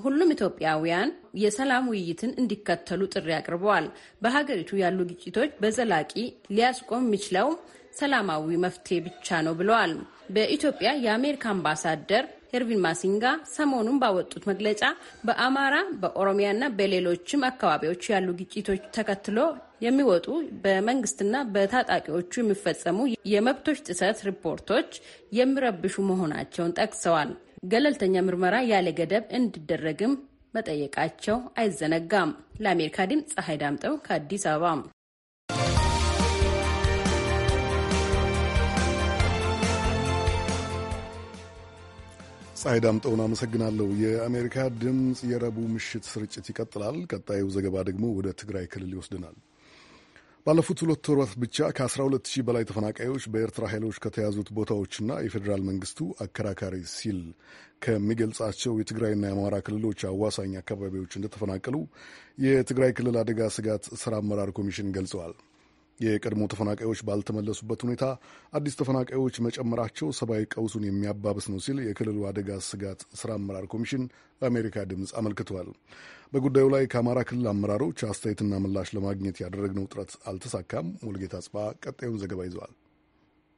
ሁሉም ኢትዮጵያውያን የሰላም ውይይትን እንዲከተሉ ጥሪ አቅርበዋል። በሀገሪቱ ያሉ ግጭቶች በዘላቂ ሊያስቆም የሚችለው ሰላማዊ መፍትሄ ብቻ ነው ብለዋል። በኢትዮጵያ የአሜሪካ አምባሳደር ኤርቪን ማሲንጋ ሰሞኑን ባወጡት መግለጫ በአማራ፣ በኦሮሚያና በሌሎችም አካባቢዎች ያሉ ግጭቶች ተከትሎ የሚወጡ በመንግስትና በታጣቂዎቹ የሚፈጸሙ የመብቶች ጥሰት ሪፖርቶች የሚረብሹ መሆናቸውን ጠቅሰዋል። ገለልተኛ ምርመራ ያለ ገደብ እንዲደረግም መጠየቃቸው አይዘነጋም። ለአሜሪካ ድምፅ ፀሐይ ዳምጠው ከአዲስ አበባ። ፀሐይ ዳምጠውን አመሰግናለሁ። የአሜሪካ ድምፅ የረቡዕ ምሽት ስርጭት ይቀጥላል። ቀጣዩ ዘገባ ደግሞ ወደ ትግራይ ክልል ይወስድናል። ባለፉት ሁለት ወራት ብቻ ከ 12000 በላይ ተፈናቃዮች በኤርትራ ኃይሎች ከተያዙት ቦታዎችና የፌዴራል መንግስቱ አከራካሪ ሲል ከሚገልጻቸው የትግራይና የአማራ ክልሎች አዋሳኝ አካባቢዎች እንደተፈናቀሉ የትግራይ ክልል አደጋ ስጋት ስራ አመራር ኮሚሽን ገልጸዋል። የቀድሞ ተፈናቃዮች ባልተመለሱበት ሁኔታ አዲስ ተፈናቃዮች መጨመራቸው ሰብአዊ ቀውሱን የሚያባብስ ነው ሲል የክልሉ አደጋ ስጋት ስራ አመራር ኮሚሽን ለአሜሪካ ድምፅ አመልክተዋል። በጉዳዩ ላይ ከአማራ ክልል አመራሮች አስተያየትና ምላሽ ለማግኘት ያደረግነው ጥረት አልተሳካም። ሙልጌታ ጽባ ቀጣዩን ዘገባ ይዘዋል።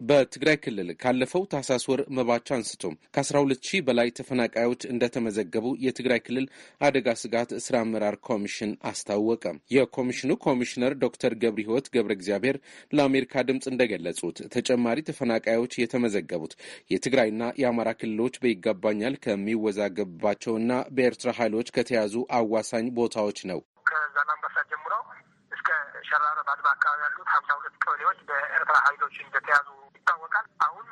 በትግራይ ክልል ካለፈው ታህሳስ ወር መባቻ አንስቶ ከ12 ሺህ በላይ ተፈናቃዮች እንደተመዘገቡ የትግራይ ክልል አደጋ ስጋት ስራ አመራር ኮሚሽን አስታወቀ። የኮሚሽኑ ኮሚሽነር ዶክተር ገብረ ህይወት ገብረ እግዚአብሔር ለአሜሪካ ድምፅ እንደገለጹት ተጨማሪ ተፈናቃዮች የተመዘገቡት የትግራይና የአማራ ክልሎች በይገባኛል ከሚወዛገብባቸውና በኤርትራ ኃይሎች ከተያዙ አዋሳኝ ቦታዎች ነው። ከዛላምበሳ ጀምሮ እስከ ሸራሮ አካባቢ ያሉት ሀምሳ ሁለት ቀበሌዎች በኤርትራ ኃይሎች እንደተያዙ ይታወቃል። አሁን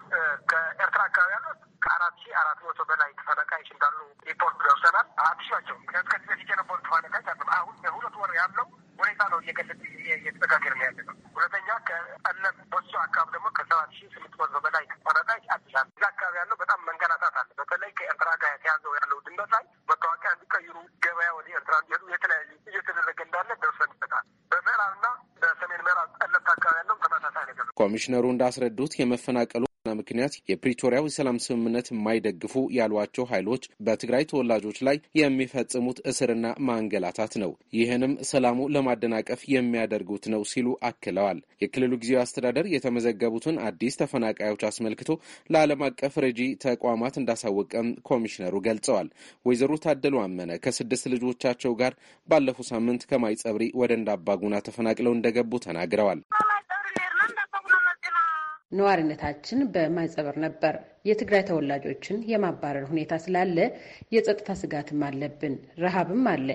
ከኤርትራ አካባቢ ያሉት ከአራት ሺህ አራት መቶ በላይ ተፈናቃዮች እንዳሉ ሪፖርት ደርሰናል። አዲስ ናቸው። ከዚህ በፊት የነበሩ ተፈናቃዮች አሁን የሁለት ወር ያለው ሁኔታ ነው እየገለጥ እየተነጋገር ነው ያለ ነው። ሁለተኛ ከእነት በሱ አካባቢ ደግሞ ከሰባት ሺ ስምንት መቶ በላይ ቆረጣ አዲሳል እዚ አካባቢ ያለው በጣም መንገላታት አለ። በተለይ ከኤርትራ ጋር የተያዘው ያለው ድንበር ላይ መታወቂያ እንዲቀይሩ ገበያ ወደ ኤርትራ እንዲሄዱ የተለያዩ እየተደረገ እንዳለ ደርሰንበታል። በምዕራብና በሰሜን ምዕራብ ጠለት አካባቢ ያለው ተመሳሳይ ነገር ነው። ኮሚሽነሩ እንዳስረዱት የመፈናቀሉ ምክንያት የፕሪቶሪያው የሰላም ስምምነት የማይደግፉ ያሏቸው ኃይሎች በትግራይ ተወላጆች ላይ የሚፈጽሙት እስርና ማንገላታት ነው። ይህንም ሰላሙ ለማደናቀፍ የሚያደርጉት ነው ሲሉ አክለዋል። የክልሉ ጊዜያዊ አስተዳደር የተመዘገቡትን አዲስ ተፈናቃዮች አስመልክቶ ለዓለም አቀፍ ረጂ ተቋማት እንዳሳወቀም ኮሚሽነሩ ገልጸዋል። ወይዘሮ ታደሉ አመነ ከስድስት ልጆቻቸው ጋር ባለፈው ሳምንት ከማይጸብሪ ወደ እንዳባጉና ተፈናቅለው እንደገቡ ተናግረዋል። ነዋሪነታችን በማይጸበር ነበር። የትግራይ ተወላጆችን የማባረር ሁኔታ ስላለ የጸጥታ ስጋትም አለብን፣ ረሃብም አለ።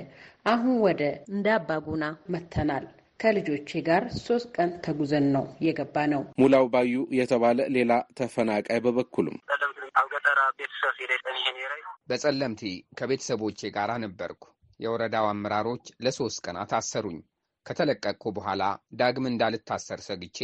አሁን ወደ እንደ አባጉና መተናል። ከልጆቼ ጋር ሶስት ቀን ተጉዘን ነው የገባ ነው። ሙላው ባዩ የተባለ ሌላ ተፈናቃይ በበኩሉም በጸለምቲ ከቤተሰቦቼ ጋር ነበርኩ። የወረዳው አመራሮች ለሶስት ቀናት አሰሩኝ። ከተለቀቅኩ በኋላ ዳግም እንዳልታሰር ሰግቼ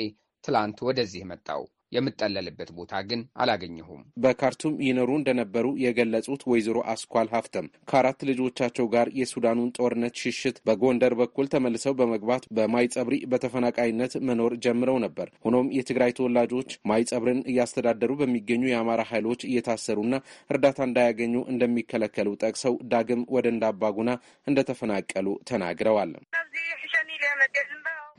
ትላንት ወደዚህ መጣው። የምጠለልበት ቦታ ግን አላገኘሁም። በካርቱም ይኖሩ እንደነበሩ የገለጹት ወይዘሮ አስኳል ሀፍተም ከአራት ልጆቻቸው ጋር የሱዳኑን ጦርነት ሽሽት በጎንደር በኩል ተመልሰው በመግባት በማይጸብሪ በተፈናቃይነት መኖር ጀምረው ነበር። ሆኖም የትግራይ ተወላጆች ማይጸብርን እያስተዳደሩ በሚገኙ የአማራ ኃይሎች እየታሰሩና እርዳታ እንዳያገኙ እንደሚከለከሉ ጠቅሰው ዳግም ወደ እንዳባጉና እንደተፈናቀሉ ተናግረዋል።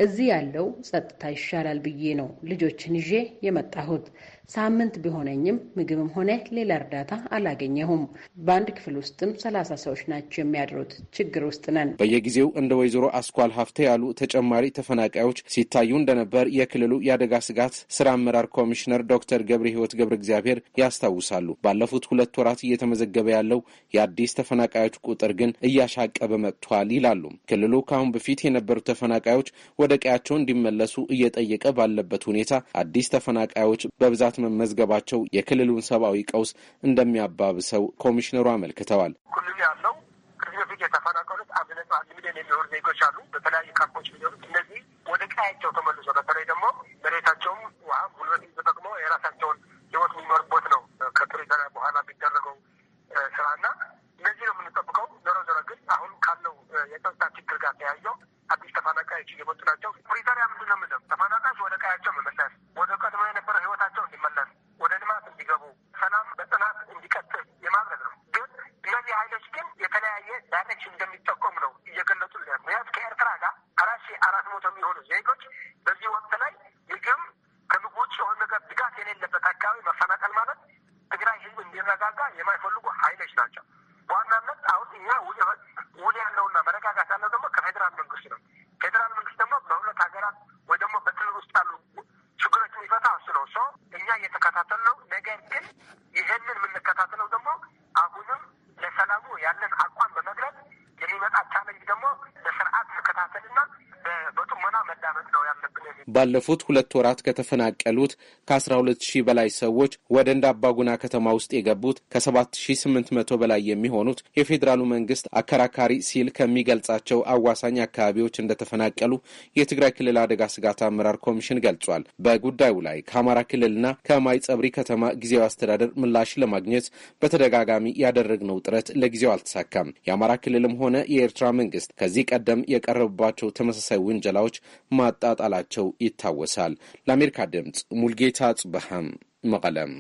እዚህ ያለው ጸጥታ ይሻላል ብዬ ነው ልጆችን ይዤ የመጣሁት ሳምንት ቢሆነኝም ምግብም ሆነ ሌላ እርዳታ አላገኘሁም። በአንድ ክፍል ውስጥም ሰላሳ ሰዎች ናቸው የሚያድሩት። ችግር ውስጥ ነን። በየጊዜው እንደ ወይዘሮ አስኳል ሀፍተ ያሉ ተጨማሪ ተፈናቃዮች ሲታዩ እንደነበር የክልሉ የአደጋ ስጋት ስራ አመራር ኮሚሽነር ዶክተር ገብረ ህይወት ገብረ እግዚአብሔር ያስታውሳሉ። ባለፉት ሁለት ወራት እየተመዘገበ ያለው የአዲስ ተፈናቃዮች ቁጥር ግን እያሻቀበ መጥቷል ይላሉ። ክልሉ ከአሁን በፊት የነበሩ ተፈናቃዮች ወደ ቀያቸው እንዲመለሱ እየጠየቀ ባለበት ሁኔታ አዲስ ተፈናቃዮች በብዛት ጥቃት መመዝገባቸው የክልሉን ሰብአዊ ቀውስ እንደሚያባብሰው ኮሚሽነሩ አመልክተዋል። ሁሉም ያለው ከዚህ በፊት የተፈናቀሉት አንድ ነጥብ አንድ ሚሊዮን የሚሆኑ ዜጎች አሉ በተለያዩ ካምፖች የሚኖሩት እነዚህ ወደ ቀያቸው ተመልሶ በተለይ ደግሞ መሬታቸውም ውሃም ጉልበት ተጠቅሞ የራሳቸውን ህይወት የሚመሩበት ነው ከፕሪቶሪያ በኋላ የሚደረገው ስራና እነዚህ ነው የምንጠብቀው። ዞሮ ዞሮ ግን አሁን ካለው የጸጥታ ችግር ጋር ተያይዘው አዲስ ተፈናቃዮች እየመጡ ናቸው። ፕሪቶሪያ ምንድን ነው የምለው ተፈናቃዮች ወደ ቀያቸው መመለስ ወደ ቀድሞ ዛሬ እንደሚጠቆም ነው እየገለጡ ያሉ ከኤርትራ ጋር አራት ሺ አራት መቶ የሚሆኑ ዜጎ ባለፉት ሁለት ወራት ከተፈናቀሉት ከ12 ሺህ በላይ ሰዎች ወደ እንዳባጉና ከተማ ውስጥ የገቡት ከ7800 በላይ የሚሆኑት የፌዴራሉ መንግስት አከራካሪ ሲል ከሚገልጻቸው አዋሳኝ አካባቢዎች እንደተፈናቀሉ የትግራይ ክልል አደጋ ስጋት አመራር ኮሚሽን ገልጿል። በጉዳዩ ላይ ከአማራ ክልልና ጸብሪ ከተማ ጊዜያዊ አስተዳደር ምላሽ ለማግኘት በተደጋጋሚ ያደረግነው ጥረት ለጊዜው አልተሳካም። የአማራ ክልልም ሆነ የኤርትራ መንግስት ከዚህ ቀደም የቀረቡባቸው ተመሳሳይ ውንጀላዎች ማጣጣላቸው ይታወሳል። ለአሜሪካ ድምጽ ሙልጌታ ጽበሃም መቐለም።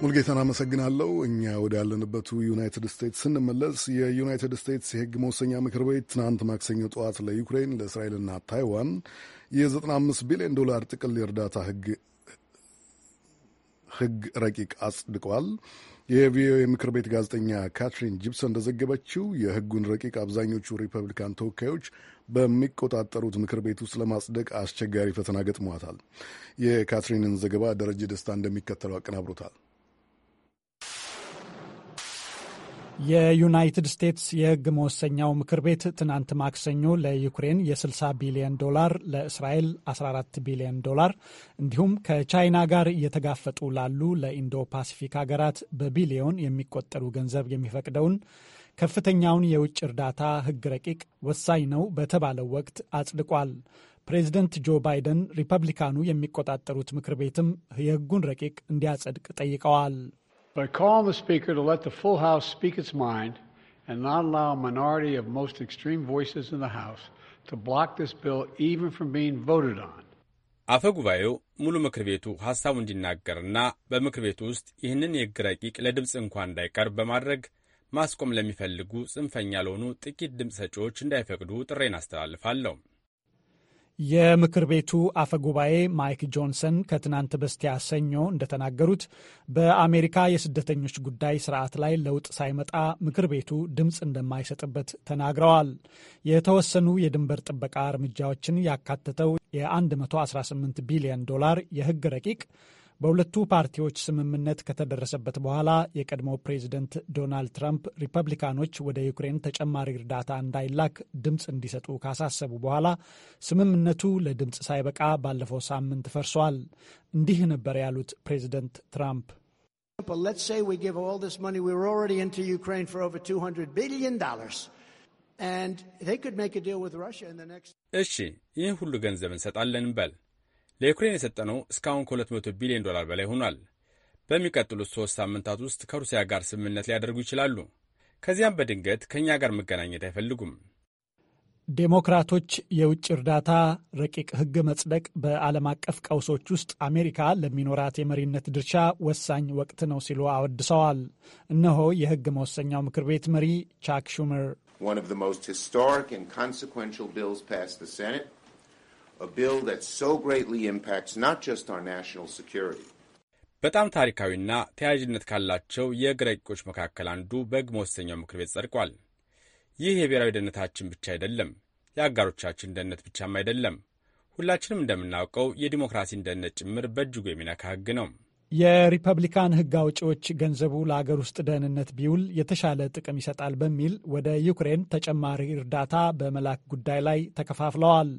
ሙልጌታን አመሰግናለሁ። እኛ ወዳለንበቱ ዩናይትድ ስቴትስ ስንመለስ የዩናይትድ ስቴትስ የሕግ መወሰኛ ምክር ቤት ትናንት ማክሰኞ ጠዋት ለዩክሬን ለእስራኤልና ታይዋን የ95 ቢሊዮን ዶላር ጥቅል የእርዳታ ሕግ ረቂቅ አጽድቋል። የቪኦኤ ምክር ቤት ጋዜጠኛ ካትሪን ጂፕሰን እንደዘገበችው የሕጉን ረቂቅ አብዛኞቹ ሪፐብሊካን ተወካዮች በሚቆጣጠሩት ምክር ቤት ውስጥ ለማጽደቅ አስቸጋሪ ፈተና ገጥሟታል። የካትሪንን ዘገባ ደረጀ ደስታ እንደሚከተለው አቀናብሮታል። የዩናይትድ ስቴትስ የሕግ መወሰኛው ምክር ቤት ትናንት ማክሰኞ ለዩክሬን የ60 ቢሊዮን ዶላር፣ ለእስራኤል 14 ቢሊዮን ዶላር እንዲሁም ከቻይና ጋር እየተጋፈጡ ላሉ ለኢንዶ ፓሲፊክ ሀገራት በቢሊዮን የሚቆጠሩ ገንዘብ የሚፈቅደውን ከፍተኛውን የውጭ እርዳታ ሕግ ረቂቅ ወሳኝ ነው በተባለው ወቅት አጽድቋል። ፕሬዚደንት ጆ ባይደን ሪፐብሊካኑ የሚቆጣጠሩት ምክር ቤትም የሕጉን ረቂቅ እንዲያጸድቅ ጠይቀዋል። but I call on the Speaker to let the full House speak its mind and not allow a minority of most extreme voices in the House to block this bill even from being voted on. አፈ ጉባኤው ሙሉ ምክር ቤቱ ሐሳቡ እንዲናገርና በምክር ቤቱ ውስጥ ይህንን የሕግ ረቂቅ ለድምፅ እንኳ እንዳይቀርብ በማድረግ ማስቆም ለሚፈልጉ ጽንፈኛ ለሆኑ ጥቂት ድምፅ ሰጪዎች እንዳይፈቅዱ ጥሬን አስተላልፋለሁ። የምክር ቤቱ አፈ ጉባኤ ማይክ ጆንሰን ከትናንት በስቲያ ሰኞ እንደተናገሩት በአሜሪካ የስደተኞች ጉዳይ ስርዓት ላይ ለውጥ ሳይመጣ ምክር ቤቱ ድምፅ እንደማይሰጥበት ተናግረዋል። የተወሰኑ የድንበር ጥበቃ እርምጃዎችን ያካተተው የ118 ቢሊዮን ዶላር የህግ ረቂቅ በሁለቱ ፓርቲዎች ስምምነት ከተደረሰበት በኋላ የቀድሞ ፕሬዚደንት ዶናልድ ትራምፕ ሪፐብሊካኖች ወደ ዩክሬን ተጨማሪ እርዳታ እንዳይላክ ድምፅ እንዲሰጡ ካሳሰቡ በኋላ ስምምነቱ ለድምፅ ሳይበቃ ባለፈው ሳምንት ፈርሷል። እንዲህ ነበር ያሉት ፕሬዚደንት ትራምፕ እሺ ይህን ሁሉ ገንዘብ እንሰጣለን በል ለዩክሬን የሰጠነው እስካሁን ከ200 ቢሊዮን ዶላር በላይ ሆኗል። በሚቀጥሉት ሶስት ሳምንታት ውስጥ ከሩሲያ ጋር ስምምነት ሊያደርጉ ይችላሉ። ከዚያም በድንገት ከእኛ ጋር መገናኘት አይፈልጉም። ዴሞክራቶች የውጭ እርዳታ ረቂቅ ሕግ መጽደቅ በዓለም አቀፍ ቀውሶች ውስጥ አሜሪካ ለሚኖራት የመሪነት ድርሻ ወሳኝ ወቅት ነው ሲሉ አወድሰዋል። እነሆ የሕግ መወሰኛው ምክር ቤት መሪ ቻክ ሹመር a bill that so greatly impacts not just our national security. በጣም ታሪካዊና ተያያዥነት ካላቸው የግራ ረቂቆች መካከል አንዱ በሕግ መወሰኛው ምክር ቤት ጸድቋል። ይህ የብሔራዊ ደህንነታችን ብቻ አይደለም፣ የአጋሮቻችን ደህንነት ብቻም አይደለም። ሁላችንም እንደምናውቀው የዲሞክራሲን ደህንነት ጭምር በእጅጉ የሚነካ ህግ ነው። የሪፐብሊካን ህግ አውጪዎች ገንዘቡ ለአገር ውስጥ ደህንነት ቢውል የተሻለ ጥቅም ይሰጣል በሚል ወደ ዩክሬን ተጨማሪ እርዳታ በመላክ ጉዳይ ላይ ተከፋፍለዋል።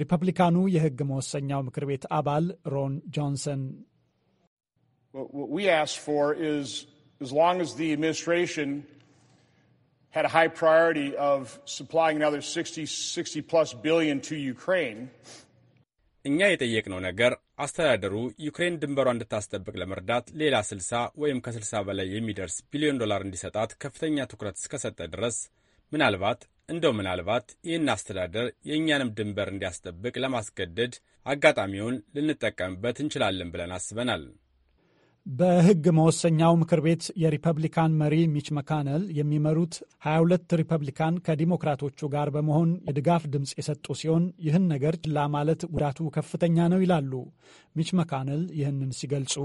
ሪፐብሊካኑ የህግ መወሰኛው ምክር ቤት አባል ሮን ጆንሰን had a high priority of supplying another 60, 60 plus billion to Ukraine. እኛ የጠየቅነው ነገር አስተዳደሩ ዩክሬን ድንበሯ እንድታስጠብቅ ለመርዳት ሌላ 60 ወይም ከ60 በላይ የሚደርስ ቢሊዮን ዶላር እንዲሰጣት ከፍተኛ ትኩረት እስከሰጠ ድረስ ምናልባት እንደው ምናልባት ይህን አስተዳደር የእኛንም ድንበር እንዲያስጠብቅ ለማስገደድ አጋጣሚውን ልንጠቀምበት እንችላለን ብለን አስበናል። በሕግ መወሰኛው ምክር ቤት የሪፐብሊካን መሪ ሚች መካነል የሚመሩት 22 ሪፐብሊካን ከዲሞክራቶቹ ጋር በመሆን የድጋፍ ድምፅ የሰጡ ሲሆን ይህን ነገር ችላ ማለት ጉዳቱ ከፍተኛ ነው ይላሉ። ሚች መካነል ይህንን ሲገልጹ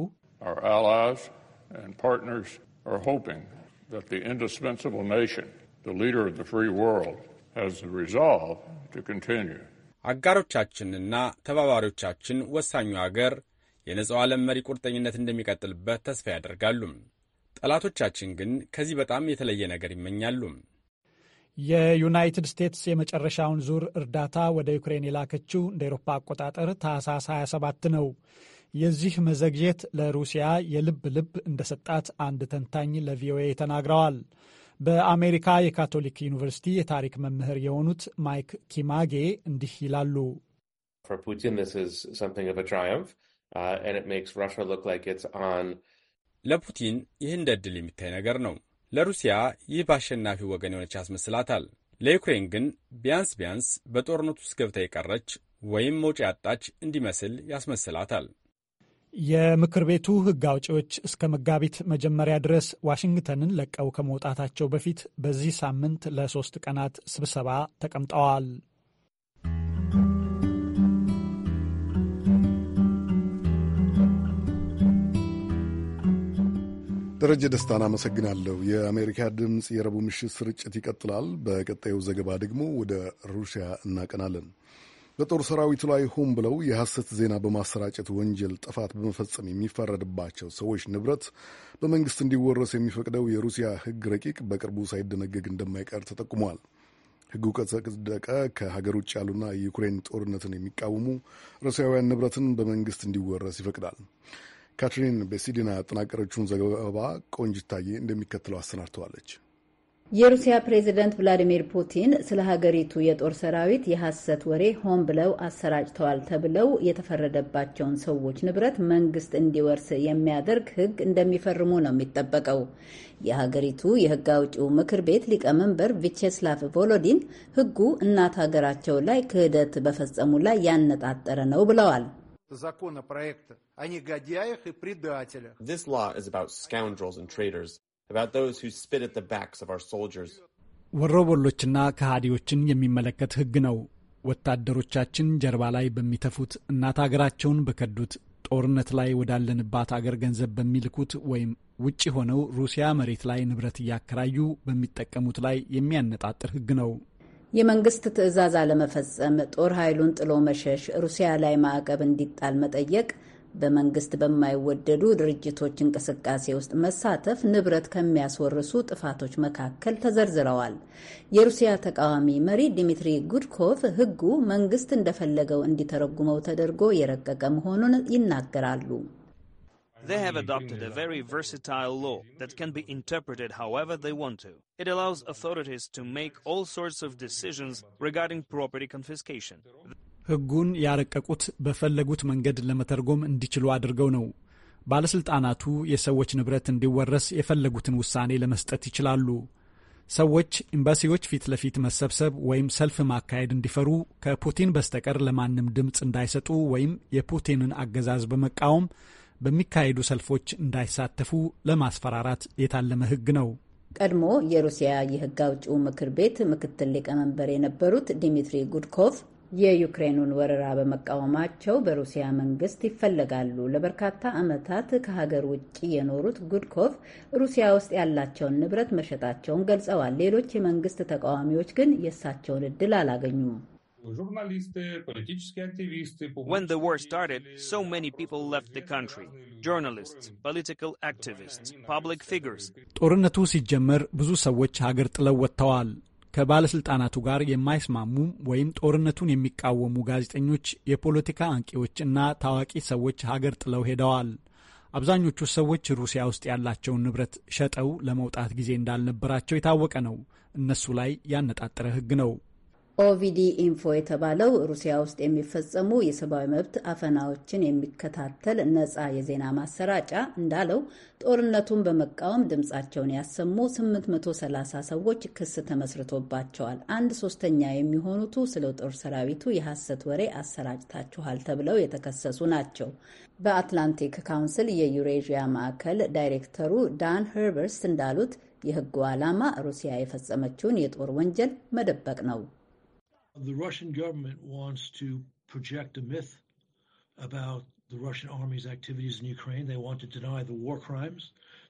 ር the leader of the free world has the resolve to continue. አጋሮቻችንና ተባባሪዎቻችን ወሳኙ አገር የነጻው ዓለም መሪ ቁርጠኝነት እንደሚቀጥልበት ተስፋ ያደርጋሉ። ጠላቶቻችን ግን ከዚህ በጣም የተለየ ነገር ይመኛሉ። የዩናይትድ ስቴትስ የመጨረሻውን ዙር እርዳታ ወደ ዩክሬን የላከችው እንደ ኤሮፓ አቆጣጠር ታህሳስ 27 ነው። የዚህ መዘግየት ለሩሲያ የልብ ልብ እንደሰጣት አንድ ተንታኝ ለቪኦኤ ተናግረዋል። በአሜሪካ የካቶሊክ ዩኒቨርሲቲ የታሪክ መምህር የሆኑት ማይክ ኪማጌ እንዲህ ይላሉ። uh, ለፑቲን ይህ እንደ ዕድል የሚታይ ነገር ነው። ለሩሲያ ይህ በአሸናፊ ወገን የሆነች ያስመስላታል። ለዩክሬን ግን ቢያንስ ቢያንስ በጦርነቱ ውስጥ ገብታ የቀረች ወይም መውጫ ያጣች እንዲመስል ያስመስላታል። የምክር ቤቱ ሕግ አውጪዎች እስከ መጋቢት መጀመሪያ ድረስ ዋሽንግተንን ለቀው ከመውጣታቸው በፊት በዚህ ሳምንት ለሶስት ቀናት ስብሰባ ተቀምጠዋል። ደረጀ ደስታን አመሰግናለሁ። የአሜሪካ ድምፅ የረቡዕ ምሽት ስርጭት ይቀጥላል። በቀጣዩ ዘገባ ደግሞ ወደ ሩሲያ እናቀናለን። በጦር ሰራዊቱ ላይ ሆን ብለው የሐሰት ዜና በማሰራጨት ወንጀል ጥፋት በመፈጸም የሚፈረድባቸው ሰዎች ንብረት በመንግስት እንዲወረስ የሚፈቅደው የሩሲያ ሕግ ረቂቅ በቅርቡ ሳይደነገግ እንደማይቀር ተጠቁሟል። ሕጉ ከጸደቀ ከሀገር ውጭ ያሉና የዩክሬን ጦርነትን የሚቃወሙ ሩሲያውያን ንብረትን በመንግስት እንዲወረስ ይፈቅዳል። ካትሪን ቤሲዲና ያጠናቀረችውን ዘገባ ቆንጅታዬ እንደሚከተለው አሰናድተዋለች። የሩሲያ ፕሬዝደንት ቭላዲሚር ፑቲን ስለ ሀገሪቱ የጦር ሰራዊት የሐሰት ወሬ ሆን ብለው አሰራጭተዋል ተብለው የተፈረደባቸውን ሰዎች ንብረት መንግስት እንዲወርስ የሚያደርግ ሕግ እንደሚፈርሙ ነው የሚጠበቀው። የሀገሪቱ የሕግ አውጪው ምክር ቤት ሊቀመንበር ቪቼስላቭ ቮሎዲን ሕጉ እናት ሀገራቸው ላይ ክህደት በፈጸሙ ላይ ያነጣጠረ ነው ብለዋል። This law is about ወሮበሎችና ከሃዲዎችን የሚመለከት ሕግ ነው። ወታደሮቻችን ጀርባ ላይ በሚተፉት እናት አገራቸውን በከዱት ጦርነት ላይ ወዳለንባት አገር ገንዘብ በሚልኩት ወይም ውጭ ሆነው ሩሲያ መሬት ላይ ንብረት እያከራዩ በሚጠቀሙት ላይ የሚያነጣጥር ሕግ ነው። የመንግስት ትዕዛዝ አለመፈጸም፣ ጦር ኃይሉን ጥሎ መሸሽ፣ ሩሲያ ላይ ማዕቀብ እንዲጣል መጠየቅ በመንግስት በማይወደዱ ድርጅቶች እንቅስቃሴ ውስጥ መሳተፍ ንብረት ከሚያስወርሱ ጥፋቶች መካከል ተዘርዝረዋል። የሩሲያ ተቃዋሚ መሪ ዲሚትሪ ጉድኮቭ ሕጉ መንግስት እንደፈለገው እንዲተረጉመው ተደርጎ የረቀቀ መሆኑን ይናገራሉ። They have adopted a very versatile law that can be interpreted however they want to. It allows authorities to make all sorts of decisions regarding property confiscation. ሕጉን ያረቀቁት በፈለጉት መንገድ ለመተርጎም እንዲችሉ አድርገው ነው። ባለሥልጣናቱ የሰዎች ንብረት እንዲወረስ የፈለጉትን ውሳኔ ለመስጠት ይችላሉ። ሰዎች ኤምባሲዎች ፊት ለፊት መሰብሰብ ወይም ሰልፍ ማካሄድ እንዲፈሩ፣ ከፑቲን በስተቀር ለማንም ድምፅ እንዳይሰጡ ወይም የፑቲንን አገዛዝ በመቃወም በሚካሄዱ ሰልፎች እንዳይሳተፉ ለማስፈራራት የታለመ ሕግ ነው። ቀድሞ የሩሲያ የህግ አውጪው ምክር ቤት ምክትል ሊቀመንበር የነበሩት ዲሚትሪ ጉድኮቭ የዩክሬኑን ወረራ በመቃወማቸው በሩሲያ መንግስት ይፈለጋሉ። ለበርካታ ዓመታት ከሀገር ውጭ የኖሩት ጉድኮቭ ሩሲያ ውስጥ ያላቸውን ንብረት መሸጣቸውን ገልጸዋል። ሌሎች የመንግስት ተቃዋሚዎች ግን የእሳቸውን እድል አላገኙም። When the war started, so many people left the country. Journalists, political activists, public figures. ጦርነቱ ሲጀመር ብዙ ሰዎች ሀገር ጥለው ወጥተዋል። ከባለስልጣናቱ ጋር የማይስማሙ ወይም ጦርነቱን የሚቃወሙ ጋዜጠኞች፣ የፖለቲካ አንቂዎች እና ታዋቂ ሰዎች ሀገር ጥለው ሄደዋል። አብዛኞቹ ሰዎች ሩሲያ ውስጥ ያላቸውን ንብረት ሸጠው ለመውጣት ጊዜ እንዳልነበራቸው የታወቀ ነው። እነሱ ላይ ያነጣጠረ ሕግ ነው። ኦቪዲ ኢንፎ የተባለው ሩሲያ ውስጥ የሚፈጸሙ የሰብአዊ መብት አፈናዎችን የሚከታተል ነፃ የዜና ማሰራጫ እንዳለው ጦርነቱን በመቃወም ድምፃቸውን ያሰሙ 830 ሰዎች ክስ ተመስርቶባቸዋል። አንድ ሶስተኛ የሚሆኑቱ ስለ ጦር ሰራዊቱ የሐሰት ወሬ አሰራጭታችኋል ተብለው የተከሰሱ ናቸው። በአትላንቲክ ካውንስል የዩሬዥያ ማዕከል ዳይሬክተሩ ዳን ሄርበርስ እንዳሉት የሕጉ ዓላማ ሩሲያ የፈጸመችውን የጦር ወንጀል መደበቅ ነው። The Russian government wants to project a myth about the Russian army's activities in Ukraine. They want to deny the war crimes.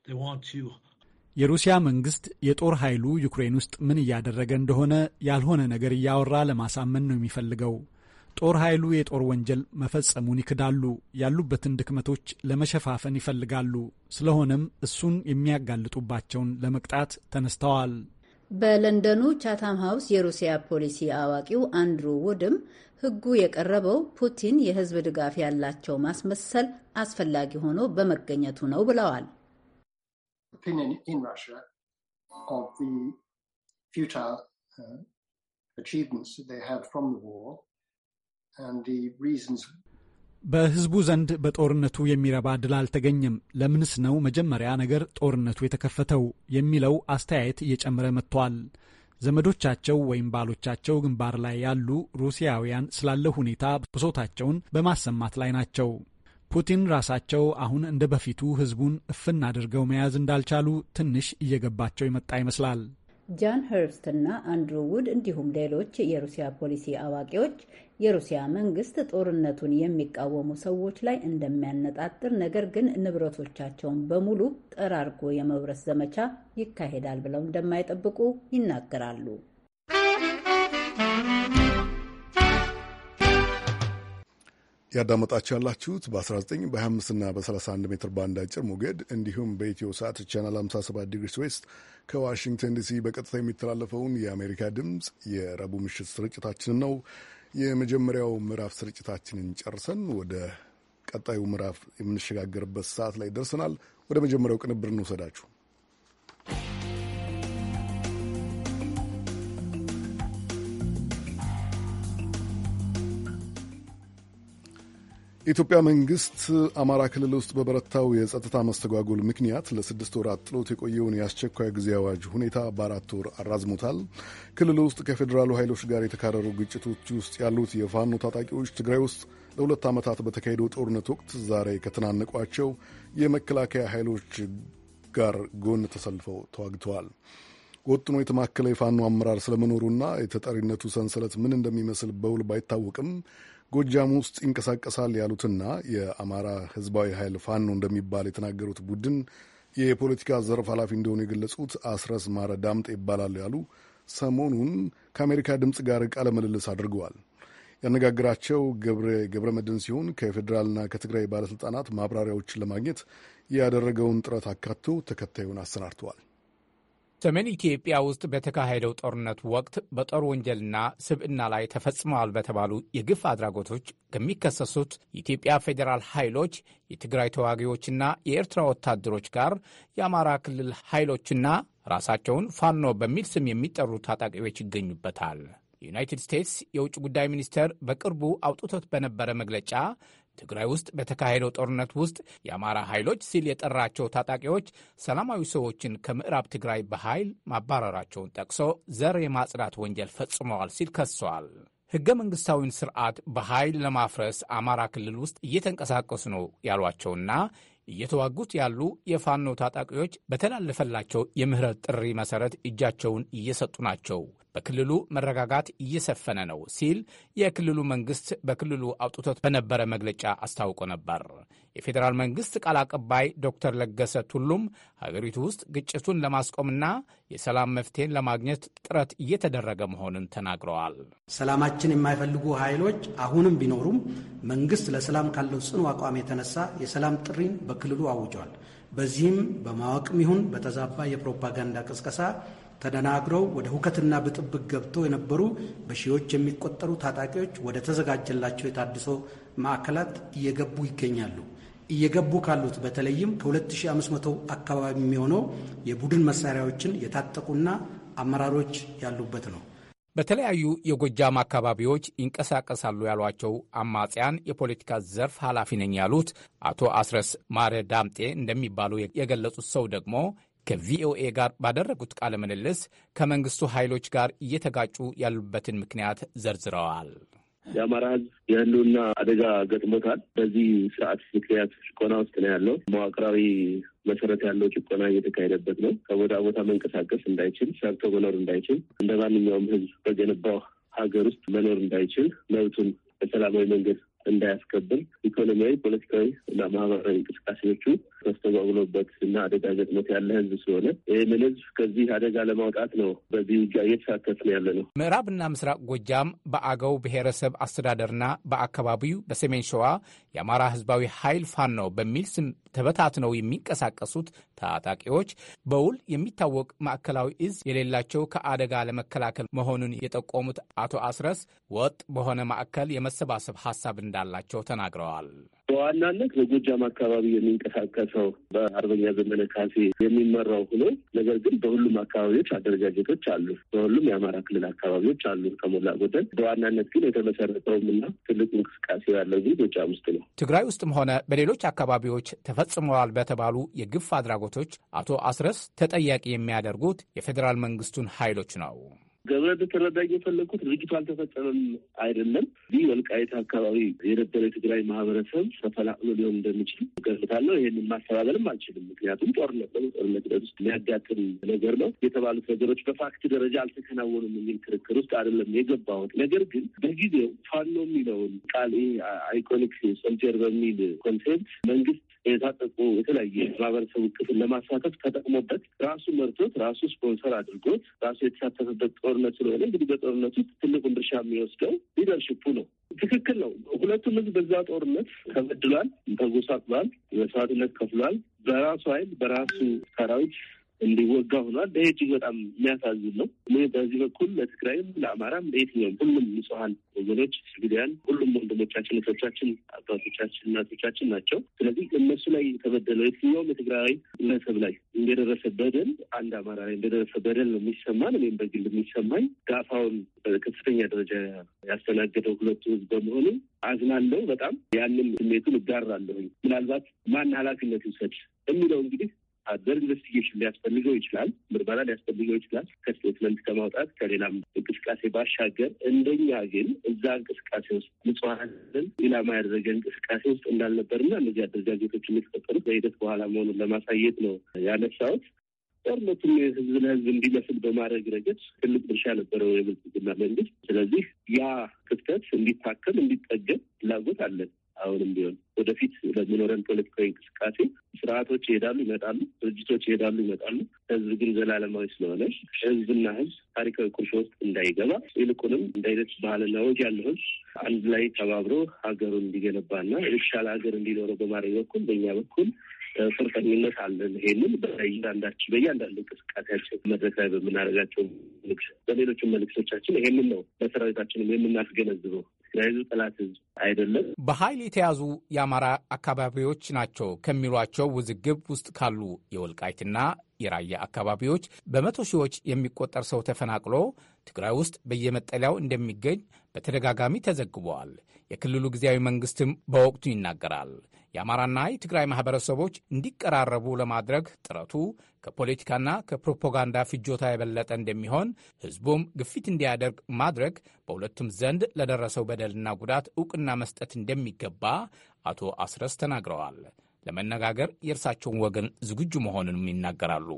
They want to የሩሲያ መንግስት የጦር ኃይሉ ዩክሬን ውስጥ ምን እያደረገ እንደሆነ ያልሆነ ነገር እያወራ ለማሳመን ነው የሚፈልገው። ጦር ኃይሉ የጦር ወንጀል መፈጸሙን ይክዳሉ፣ ያሉበትን ድክመቶች ለመሸፋፈን ይፈልጋሉ። ስለሆነም እሱን የሚያጋልጡባቸውን ለመቅጣት ተነስተዋል። በለንደኑ ቻታም ሃውስ የሩሲያ ፖሊሲ አዋቂው አንድሩ ውድም ህጉ የቀረበው ፑቲን የህዝብ ድጋፍ ያላቸው ማስመሰል አስፈላጊ ሆኖ በመገኘቱ ነው ብለዋል። በህዝቡ ዘንድ በጦርነቱ የሚረባ ድል አልተገኘም። ለምንስ ነው መጀመሪያ ነገር ጦርነቱ የተከፈተው የሚለው አስተያየት እየጨመረ መጥቷል። ዘመዶቻቸው ወይም ባሎቻቸው ግንባር ላይ ያሉ ሩሲያውያን ስላለ ሁኔታ ብሶታቸውን በማሰማት ላይ ናቸው። ፑቲን ራሳቸው አሁን እንደ በፊቱ ህዝቡን እፍን አድርገው መያዝ እንዳልቻሉ ትንሽ እየገባቸው የመጣ ይመስላል። ጃን ሄርስት እና አንድሩ ውድ እንዲሁም ሌሎች የሩሲያ ፖሊሲ አዋቂዎች የሩሲያ መንግስት ጦርነቱን የሚቃወሙ ሰዎች ላይ እንደሚያነጣጥር፣ ነገር ግን ንብረቶቻቸውን በሙሉ ጠራርጎ የመውረስ ዘመቻ ይካሄዳል ብለው እንደማይጠብቁ ይናገራሉ። ያዳመጣችሁ ያላችሁት በ19 በ25 እና በ31 ሜትር ባንድ አጭር ሞገድ እንዲሁም በኢትዮ ሰዓት ቻናል 57 ዲግሪስ ዌስት ከዋሽንግተን ዲሲ በቀጥታ የሚተላለፈውን የአሜሪካ ድምፅ የረቡዕ ምሽት ስርጭታችንን ነው። የመጀመሪያው ምዕራፍ ስርጭታችንን ጨርሰን ወደ ቀጣዩ ምዕራፍ የምንሸጋገርበት ሰዓት ላይ ደርሰናል። ወደ መጀመሪያው ቅንብር እንውሰዳችሁ። የኢትዮጵያ መንግስት አማራ ክልል ውስጥ በበረታው የጸጥታ መስተጓጎል ምክንያት ለስድስት ወራት ጥሎት የቆየውን የአስቸኳይ ጊዜ አዋጅ ሁኔታ በአራት ወር አራዝሞታል። ክልል ውስጥ ከፌዴራሉ ኃይሎች ጋር የተካረሩ ግጭቶች ውስጥ ያሉት የፋኖ ታጣቂዎች ትግራይ ውስጥ ለሁለት ዓመታት በተካሄደው ጦርነት ወቅት ዛሬ ከተናነቋቸው የመከላከያ ኃይሎች ጋር ጎን ተሰልፈው ተዋግተዋል። ወጥኖ የተማከለ የፋኖ አመራር ስለመኖሩና የተጠሪነቱ ሰንሰለት ምን እንደሚመስል በውል ባይታወቅም ጎጃም ውስጥ ይንቀሳቀሳል ያሉትና የአማራ ህዝባዊ ኃይል ፋኖ እንደሚባል የተናገሩት ቡድን የፖለቲካ ዘርፍ ኃላፊ እንደሆኑ የገለጹት አስረስ ማረ ዳምጤ ይባላሉ ያሉ ሰሞኑን ከአሜሪካ ድምፅ ጋር ቃለ ምልልስ አድርገዋል። ያነጋግራቸው ገብረ መድን ሲሆን ከፌዴራልና ከትግራይ ባለሥልጣናት ማብራሪያዎችን ለማግኘት ያደረገውን ጥረት አካቶ ተከታዩን አሰናድተዋል። ሰሜን ኢትዮጵያ ውስጥ በተካሄደው ጦርነት ወቅት በጦር ወንጀልና ስብዕና ላይ ተፈጽመዋል በተባሉ የግፍ አድራጎቶች ከሚከሰሱት የኢትዮጵያ ፌዴራል ኃይሎች፣ የትግራይ ተዋጊዎችና የኤርትራ ወታደሮች ጋር የአማራ ክልል ኃይሎችና ራሳቸውን ፋኖ በሚል ስም የሚጠሩ ታጣቂዎች ይገኙበታል። ዩናይትድ ስቴትስ የውጭ ጉዳይ ሚኒስቴር በቅርቡ አውጥቶት በነበረ መግለጫ ትግራይ ውስጥ በተካሄደው ጦርነት ውስጥ የአማራ ኃይሎች ሲል የጠራቸው ታጣቂዎች ሰላማዊ ሰዎችን ከምዕራብ ትግራይ በኃይል ማባረራቸውን ጠቅሶ ዘር የማጽዳት ወንጀል ፈጽመዋል ሲል ከሰዋል። ሕገ መንግሥታዊን ስርዓት በኃይል ለማፍረስ አማራ ክልል ውስጥ እየተንቀሳቀሱ ነው ያሏቸውና እየተዋጉት ያሉ የፋኖ ታጣቂዎች በተላለፈላቸው የምህረት ጥሪ መሰረት እጃቸውን እየሰጡ ናቸው በክልሉ መረጋጋት እየሰፈነ ነው ሲል የክልሉ መንግስት በክልሉ አውጥቶት በነበረ መግለጫ አስታውቆ ነበር። የፌዴራል መንግስት ቃል አቀባይ ዶክተር ለገሰ ቱሉም ሀገሪቱ ውስጥ ግጭቱን ለማስቆምና የሰላም መፍትሄን ለማግኘት ጥረት እየተደረገ መሆኑን ተናግረዋል። ሰላማችን የማይፈልጉ ኃይሎች አሁንም ቢኖሩም መንግስት ለሰላም ካለው ጽኑ አቋም የተነሳ የሰላም ጥሪን በክልሉ አውጇል። በዚህም በማወቅም ይሁን በተዛባ የፕሮፓጋንዳ ቅስቀሳ ተደናግረው ወደ ሁከትና ብጥብቅ ገብተው የነበሩ በሺዎች የሚቆጠሩ ታጣቂዎች ወደ ተዘጋጀላቸው የታድሶ ማዕከላት እየገቡ ይገኛሉ። እየገቡ ካሉት በተለይም ከ2500 አካባቢ የሚሆነው የቡድን መሳሪያዎችን የታጠቁና አመራሮች ያሉበት ነው። በተለያዩ የጎጃም አካባቢዎች ይንቀሳቀሳሉ ያሏቸው አማጽያን የፖለቲካ ዘርፍ ኃላፊ ነኝ ያሉት አቶ አስረስ ማረ ዳምጤ እንደሚባሉ የገለጹት ሰው ደግሞ ከቪኦኤ ጋር ባደረጉት ቃለ ምልልስ ከመንግስቱ ኃይሎች ጋር እየተጋጩ ያሉበትን ምክንያት ዘርዝረዋል። የአማራ ህዝብ የህልውና አደጋ ገጥሞታል። በዚህ ስርዓት ምክንያት ጭቆና ውስጥ ነው ያለው። መዋቅራዊ መሰረት ያለው ጭቆና እየተካሄደበት ነው። ከቦታ ቦታ መንቀሳቀስ እንዳይችል፣ ሰርቶ መኖር እንዳይችል፣ እንደ ማንኛውም ህዝብ በገነባው ሀገር ውስጥ መኖር እንዳይችል፣ መብቱን በሰላማዊ መንገድ እንዳያስከብር ኢኮኖሚያዊ፣ ፖለቲካዊ እና ማህበራዊ እንቅስቃሴዎቹ ተስተጓጉሎበት እና አደጋ ገጥሞት ያለ ህዝብ ስለሆነ ይህንን ህዝብ ከዚህ አደጋ ለማውጣት ነው በዚህ ውጊያ እየተሳተፍ ነው ያለ ነው። ምዕራብና ምስራቅ ጎጃም በአገው ብሔረሰብ አስተዳደርና በአካባቢው በሰሜን ሸዋ የአማራ ህዝባዊ ኃይል ፋኖ በሚል ስም ተበታትነው የሚንቀሳቀሱት ታጣቂዎች በውል የሚታወቅ ማዕከላዊ እዝ የሌላቸው ከአደጋ ለመከላከል መሆኑን የጠቆሙት አቶ አስረስ ወጥ በሆነ ማዕከል የመሰባሰብ ሀሳብ እንዳላቸው ተናግረዋል። በዋናነት በጎጃም አካባቢ የሚንቀሳቀሰው በአርበኛ ዘመነ ካሴ የሚመራው ሆኖ ነገር ግን በሁሉም አካባቢዎች አደረጃጀቶች አሉ። በሁሉም የአማራ ክልል አካባቢዎች አሉ ከሞላ ጎደል። በዋናነት ግን የተመሰረተውም እና ትልቁ እንቅስቃሴ ያለው እዚህ ጎጃም ውስጥ ነው። ትግራይ ውስጥም ሆነ በሌሎች አካባቢዎች ተፈጽመዋል በተባሉ የግፍ አድራጎቶች አቶ አስረስ ተጠያቂ የሚያደርጉት የፌዴራል መንግስቱን ኃይሎች ነው። ገብረ ልትረዳኝ የፈለግኩት ድርጊቱ አልተፈጸመም አይደለም። ይህ ወልቃይት አካባቢ የነበረ የትግራይ ማህበረሰብ ተፈላቅሎ ሊሆን እንደሚችል ገምታለሁ። ይህን ማስተባበልም አልችልም። ምክንያቱም ጦርነት ነው። ጦርነት ውስጥ ሊያጋጥም ነገር ነው። የተባሉት ነገሮች በፋክት ደረጃ አልተከናወኑም የሚል ክርክር ውስጥ አይደለም የገባሁት። ነገር ግን በጊዜው ፋኖ የሚለውን ቃል ይህ አይኮኒክ ሶልጀር በሚል ኮንሴፕት መንግስት የታጠቁ የተለያየ ማህበረሰቡ ክፍል ለማሳተፍ ተጠቅሞበት ራሱ መርቶት ራሱ ስፖንሰር አድርጎት ራሱ የተሳተፈበት ጦርነት ስለሆነ እንግዲህ በጦርነቱ ትልቁን ድርሻ የሚወስደው ሊደርሽፑ ነው። ትክክል ነው። ሁለቱም ህዝብ በዛ ጦርነት ተበድሏል፣ ተጎሳቅሏል፣ መስዋዕትነት ከፍሏል። በራሱ ኃይል በራሱ ሰራዊት እንዲወጋ ሆኗል። ይሄ እጅግ በጣም የሚያሳዝን ነው። በዚህ በኩል ለትግራይም፣ ለአማራም፣ ለየትኛውም ሁሉም ንጹሀን ወገኖች ግዲያን ሁሉም ወንድሞቻችን፣ እህቶቻችን፣ አባቶቻችን፣ እናቶቻችን ናቸው። ስለዚህ እነሱ ላይ የተበደለው የትኛውም የትግራዊ ግለሰብ ላይ እንደደረሰ በደል አንድ አማራ ላይ እንደደረሰ በደል ነው የሚሰማን። እኔም በግል የሚሰማኝ ጋፋውን በከፍተኛ ደረጃ ያስተናገደው ሁለቱ ህዝብ በመሆኑ አዝናለሁ። በጣም ያንን ስሜቱን እጋራለሁኝ። ምናልባት ማን ኃላፊነት ይውሰድ የሚለው እንግዲህ አደር ኢንቨስቲጌሽን ሊያስፈልገው ይችላል፣ ምርመራ ሊያስፈልገው ይችላል። ከስቴትመንት ከማውጣት ከሌላም እንቅስቃሴ ባሻገር እንደኛ ግን እዛ እንቅስቃሴ ውስጥ ንጹሐንን ኢላማ ያደረገ እንቅስቃሴ ውስጥ እንዳልነበርና እነዚህ አደረጃጀቶች የሚፈጠሩት በሂደት በኋላ መሆኑን ለማሳየት ነው ያነሳሁት። ጦርነቱም ህዝብ ለህዝብ እንዲመስል በማድረግ ረገድ ትልቅ ድርሻ ነበረው የብልጽግና መንግስት። ስለዚህ ያ ክፍተት እንዲታከም እንዲጠገም ፍላጎት አለን። አሁንም ቢሆን ወደፊት ለሚኖረን ፖለቲካዊ እንቅስቃሴ ስርዓቶች ይሄዳሉ ይመጣሉ፣ ድርጅቶች ይሄዳሉ ይመጣሉ። ህዝብ ግን ዘላለማዊ ስለሆነ ህዝብና ህዝብ ታሪካዊ ቁርሾ ውስጥ እንዳይገባ ይልቁንም እንዳይነት ባህልና ወግ ያለው ህዝብ አንድ ላይ ተባብሮ ሀገሩን እንዲገነባና የተሻለ ሀገር እንዲኖረው በማድረግ በኩል በእኛ በኩል ቁርጠኝነት አለን። ይሄንን በእያንዳንዳችን በእያንዳንዱ እንቅስቃሴያችን መድረክ ላይ በምናደርጋቸው በሌሎችም መልክቶቻችን ይሄንን ነው ለሰራዊታችንም የምናስገነዝበው። ለህዝብ ጠላት ህዝብ አይደለም። በኃይል የተያዙ የአማራ አካባቢዎች ናቸው ከሚሏቸው ውዝግብ ውስጥ ካሉ የወልቃይትና የራያ አካባቢዎች በመቶ ሺዎች የሚቆጠር ሰው ተፈናቅሎ ትግራይ ውስጥ በየመጠለያው እንደሚገኝ በተደጋጋሚ ተዘግቧል። የክልሉ ጊዜያዊ መንግስትም በወቅቱ ይናገራል። የአማራና የትግራይ ማህበረሰቦች እንዲቀራረቡ ለማድረግ ጥረቱ ከፖለቲካና ከፕሮፓጋንዳ ፍጆታ የበለጠ እንደሚሆን ህዝቡም ግፊት እንዲያደርግ ማድረግ በሁለቱም ዘንድ ለደረሰው በደልና ጉዳት እውቅና መስጠት እንደሚገባ አቶ አስረስ ተናግረዋል። ለመነጋገር የእርሳቸውን ወገን ዝግጁ መሆንንም ይናገራሉ።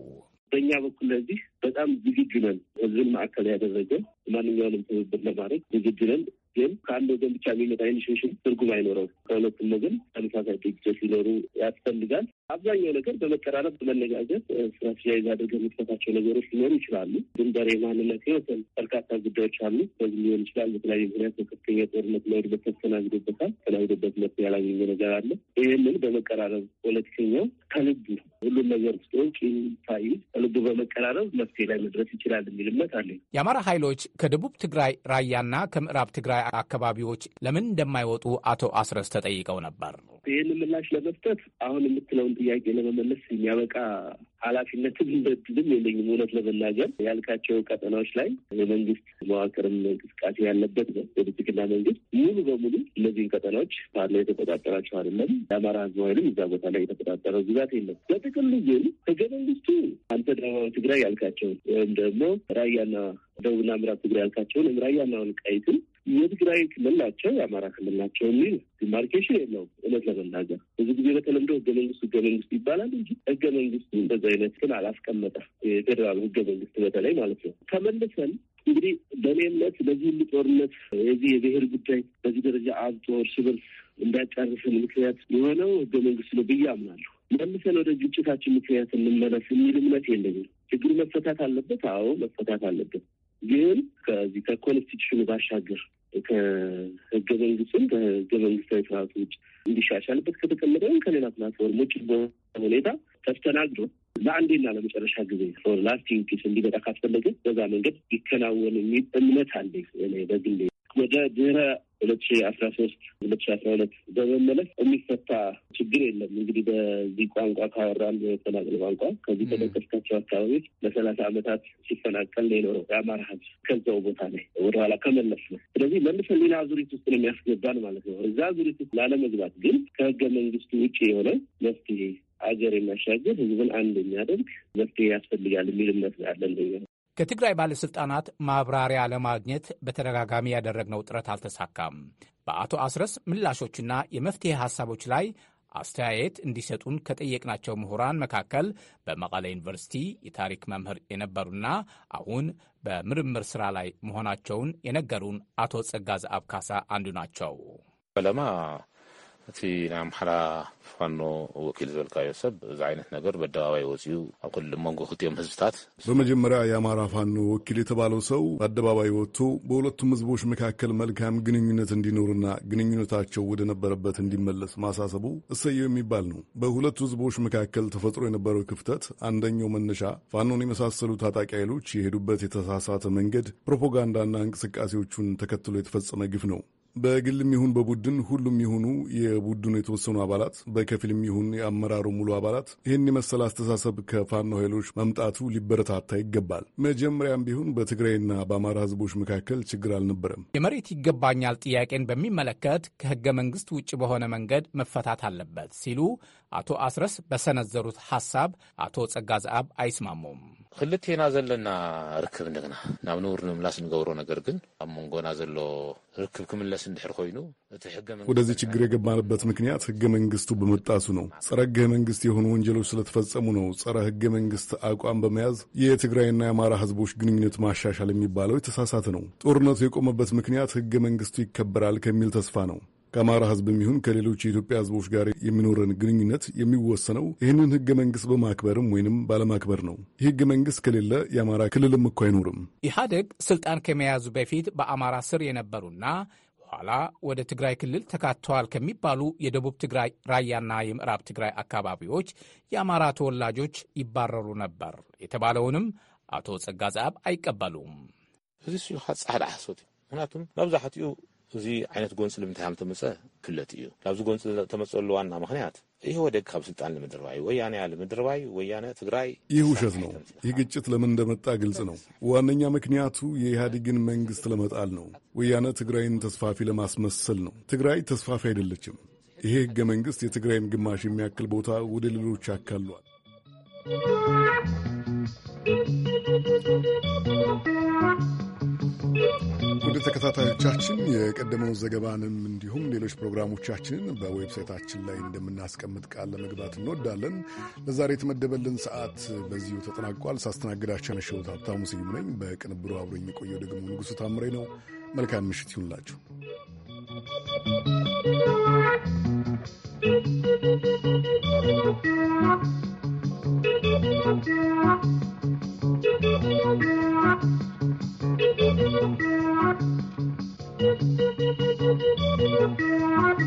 በእኛ በኩል ለዚህ በጣም ዝግጁ ነን። ህዝብን ማዕከል ያደረገ ማንኛውንም ትብብር ለማድረግ ዝግጁ ነን። ግን ከአንድ ወገን ብቻ የሚመጣ ኢኒሽሽን ትርጉም አይኖረው። ከሁለቱም ወገን ተመሳሳይ ድርጅቶች ሊኖሩ ያስፈልጋል። አብዛኛው ነገር በመቀራረብ በመነጋገር ስትራቴጃይዝ አድርገ የምትፈታቸው ነገሮች ሊኖሩ ይችላሉ። ድንበር የማንነት ህይወትን በርካታ ጉዳዮች አሉ። በዚህ ሊሆን ይችላል። በተለያዩ ምክንያት በከፍተኛ ጦርነት መውድበት ተስተናግዶበታል። ተናግዶበት መ ያላገኘ ነገር አለ። ይህንን በመቀራረብ ፖለቲከኛው ከልቡ ሁሉም ነገር ውስጥ ውጭ ታይ ከልቡ በመቀራረብ መፍትሄ ላይ መድረስ ይችላል የሚል እምነት አለ። የአማራ ኃይሎች ከደቡብ ትግራይ ራያና ከምዕራብ ትግራይ አካባቢዎች ለምን እንደማይወጡ አቶ አስረስ ተጠይቀው ነበር። ይህን ምላሽ ለመስጠት አሁን የምትለውን ጥያቄ ለመመለስ የሚያበቃ ኃላፊነትም በድልም የለኝም። እውነት ለመናገር ያልካቸው ቀጠናዎች ላይ የመንግስት መዋቅርም እንቅስቃሴ ያለበት ነው። የብልጽግና መንግስት ሙሉ በሙሉ እነዚህን ቀጠናዎች ባለው የተቆጣጠራቸው አይደለም። የአማራ ህዝብ ኃይልም እዛ ቦታ ላይ የተቆጣጠረው ግዛት የለም። በጥቅሉ ግን ህገ መንግስቱ አንተ ደቡባዊ ትግራይ ያልካቸውን ወይም ደግሞ ራያና ደቡብና ምዕራብ ትግራይ ያልካቸውን ወይም ራያና ወልቃይትን የትግራይ ክልል ናቸው፣ የአማራ ክልል ናቸው የሚል ዲማርኬሽን የለውም። እውነት ለመናገር ብዙ ጊዜ በተለምዶ ህገ መንግስት ህገ መንግስት ይባላል እንጂ ህገ መንግስት እንደዚ አይነት ግን አላስቀመጠ የፌደራሉ ህገ መንግስት በተለይ ማለት ነው። ተመልሰን እንግዲህ በእኔ እምነት ለዚህ ሁሉ ጦርነት የዚህ የብሔር ጉዳይ በዚህ ደረጃ አብጦ እርስ በርስ እንዳይጨርስን ምክንያት የሆነው ህገ መንግስት ነው ብዬ አምናለሁ። መልሰን ወደ ግጭታችን ምክንያት እንመለስ የሚል እምነት የለኝም። ችግሩ መፈታት አለበት። አዎ መፈታት አለበት። ግን ከዚህ ከኮንስቲቱሽኑ ባሻገር ከህገ መንግስትም ከህገ መንግስታዊ ስርዓት ውጭ እንዲሻሻልበት ከተቀመጠም ከሌላ ፕላትፎርሞች ሁኔታ ተስተናግዶ ለአንዴና ለመጨረሻ ጊዜ ፎር ላስቲንግ ፒስ እንዲመጣ ካስፈለገ በዛ መንገድ ይከናወን የሚል እምነት አለ በግሌ። ወደ ድህረ ሁለት ሺ አስራ ሶስት ሁለት ሺ አስራ ሁለት በመመለስ የሚፈታ ችግር የለም። እንግዲህ በዚህ ቋንቋ ካወራን የመፈናቀል ቋንቋ ከዚህ ከጠቀስካቸው አካባቢዎች ለሰላሳ ዓመታት ሲፈናቀል የኖረው የአማራ ሕዝብ ከዛው ቦታ ላይ ወደኋላ ከመለስ ነው። ስለዚህ መልሰን ሌላ አዙሪት ውስጥ ነው የሚያስገባን ማለት ነው። እዛ አዙሪት ውስጥ ላለመግባት ግን ከህገ መንግስቱ ውጭ የሆነ መፍትሄ አገር የሚያሻገር ህዝብን አንድ የሚያደርግ መፍትሄ ያስፈልጋል የሚል እምነት ነው ከትግራይ ባለሥልጣናት ማብራሪያ ለማግኘት በተደጋጋሚ ያደረግነው ጥረት አልተሳካም። በአቶ አስረስ ምላሾችና የመፍትሔ ሐሳቦች ላይ አስተያየት እንዲሰጡን ከጠየቅናቸው ምሁራን መካከል በመቀለ ዩኒቨርሲቲ የታሪክ መምህር የነበሩና አሁን በምርምር ስራ ላይ መሆናቸውን የነገሩን አቶ ጸጋዝ አብካሳ አንዱ ናቸው። በለማ እቲ ናይ ኣምሓራ ፋኖ ወኪል ዝበልካዮ ሰብ እዚ ዓይነት ነገር በኣደባባይ ወፅኡ ኣብ ኩሉ መንጎ ክልቲኦም ህዝብታት በመጀመሪያ የኣማራ ፋኖ ወኪል የተባለው ሰው በአደባባይ ወጥቶ በሁለቱም ህዝቦች መካከል መልካም ግንኙነት እንዲኖርና ግንኙነታቸው ወደ ነበረበት እንዲመለስ ማሳሰቡ እሰየው የሚባል ነው። በሁለቱ ህዝቦች መካከል ተፈጥሮ የነበረው ክፍተት አንደኛው መነሻ ፋኖን የመሳሰሉ ታጣቂ ኃይሎች የሄዱበት የተሳሳተ መንገድ፣ ፕሮፓጋንዳና እንቅስቃሴዎቹን ተከትሎ የተፈጸመ ግፍ ነው። በግልም ይሁን በቡድን ሁሉም የሆኑ የቡድኑ የተወሰኑ አባላት በከፊልም ይሁን የአመራሩ ሙሉ አባላት ይህን የመሰል አስተሳሰብ ከፋኖ ኃይሎች መምጣቱ ሊበረታታ ይገባል። መጀመሪያም ቢሆን በትግራይና በአማራ ህዝቦች መካከል ችግር አልነበረም። የመሬት ይገባኛል ጥያቄን በሚመለከት ከህገ መንግስት ውጭ በሆነ መንገድ መፈታት አለበት ሲሉ አቶ አስረስ በሰነዘሩት ሐሳብ አቶ ጸጋዝኣብ አይስማሙም። ክልቴና ዘለና ርክብ እንደገና ናብ ንቡር ንምላስ ንገብሮ ነገር ግን ኣብ መንጎና ዘሎ ርክብ ክምለስ እንድሕር ኮይኑ እቲ ሕገ ወደዚህ ችግር የገባንበት ምክንያት ሕገ መንግስቱ ብምጣሱ ነው። ጸረ ሕገ መንግስት የሆኑ ወንጀሎች ስለተፈጸሙ ነው። ጸረ ሕገ መንግስት አቋም በመያዝ የትግራይና የአማራ ህዝቦች ግንኙነት ማሻሻል የሚባለው የተሳሳተ ነው። ጦርነቱ የቆመበት ምክንያት ሕገ መንግስቱ ይከበራል ከሚል ተስፋ ነው። ከአማራ ህዝብም ይሁን ከሌሎች የኢትዮጵያ ህዝቦች ጋር የሚኖረን ግንኙነት የሚወሰነው ይህንን ህገ መንግስት በማክበርም ወይንም ባለማክበር ነው። ይህ ህገ መንግስት ከሌለ የአማራ ክልልም እኮ አይኖርም። ኢህአዴግ ስልጣን ከመያዙ በፊት በአማራ ስር የነበሩና ኋላ ወደ ትግራይ ክልል ተካተዋል ከሚባሉ የደቡብ ትግራይ ራያና የምዕራብ ትግራይ አካባቢዎች የአማራ ተወላጆች ይባረሩ ነበር የተባለውንም አቶ ጸጋ ዛብ አይቀበሉም። ጻዕዳ ምክንያቱም መብዛሕትኡ እዚ ዓይነት ጎንፂ ንምንታይ ከም ተመፀ ክለት እዩ ናብዚ ጎንፂ ተመፀሉ ዋና ምክንያት ይህ ወደግ ካብ ስልጣን ንምድርባይ ወያነ ያ ንምድርባይ ወያነ ትግራይ ይህ ውሸት ነው። ይህ ግጭት ለምን እንደመጣ ግልጽ ነው። ዋነኛ ምክንያቱ የኢህአዴግን መንግስት ለመጣል ነው። ወያነ ትግራይን ተስፋፊ ለማስመሰል ነው። ትግራይ ተስፋፊ አይደለችም። ይሄ ህገ መንግስት የትግራይን ግማሽ የሚያክል ቦታ ወደ ሌሎች አካሏል። እንግዲህ ተከታታዮቻችን የቀደመው ዘገባንም እንዲሁም ሌሎች ፕሮግራሞቻችንን በዌብሳይታችን ላይ እንደምናስቀምጥ ቃል ለመግባት እንወዳለን። ለዛሬ የተመደበልን ሰዓት በዚሁ ተጠናቋል። ሳስተናግዳቸው ያመሸሁት ሀብታሙ ስዩም ነኝ። በቅንብሩ አብሮኝ የቆየው ደግሞ ንጉሡ ታምሬ ነው። መልካም ምሽት ይሁንላችሁ። Thank you.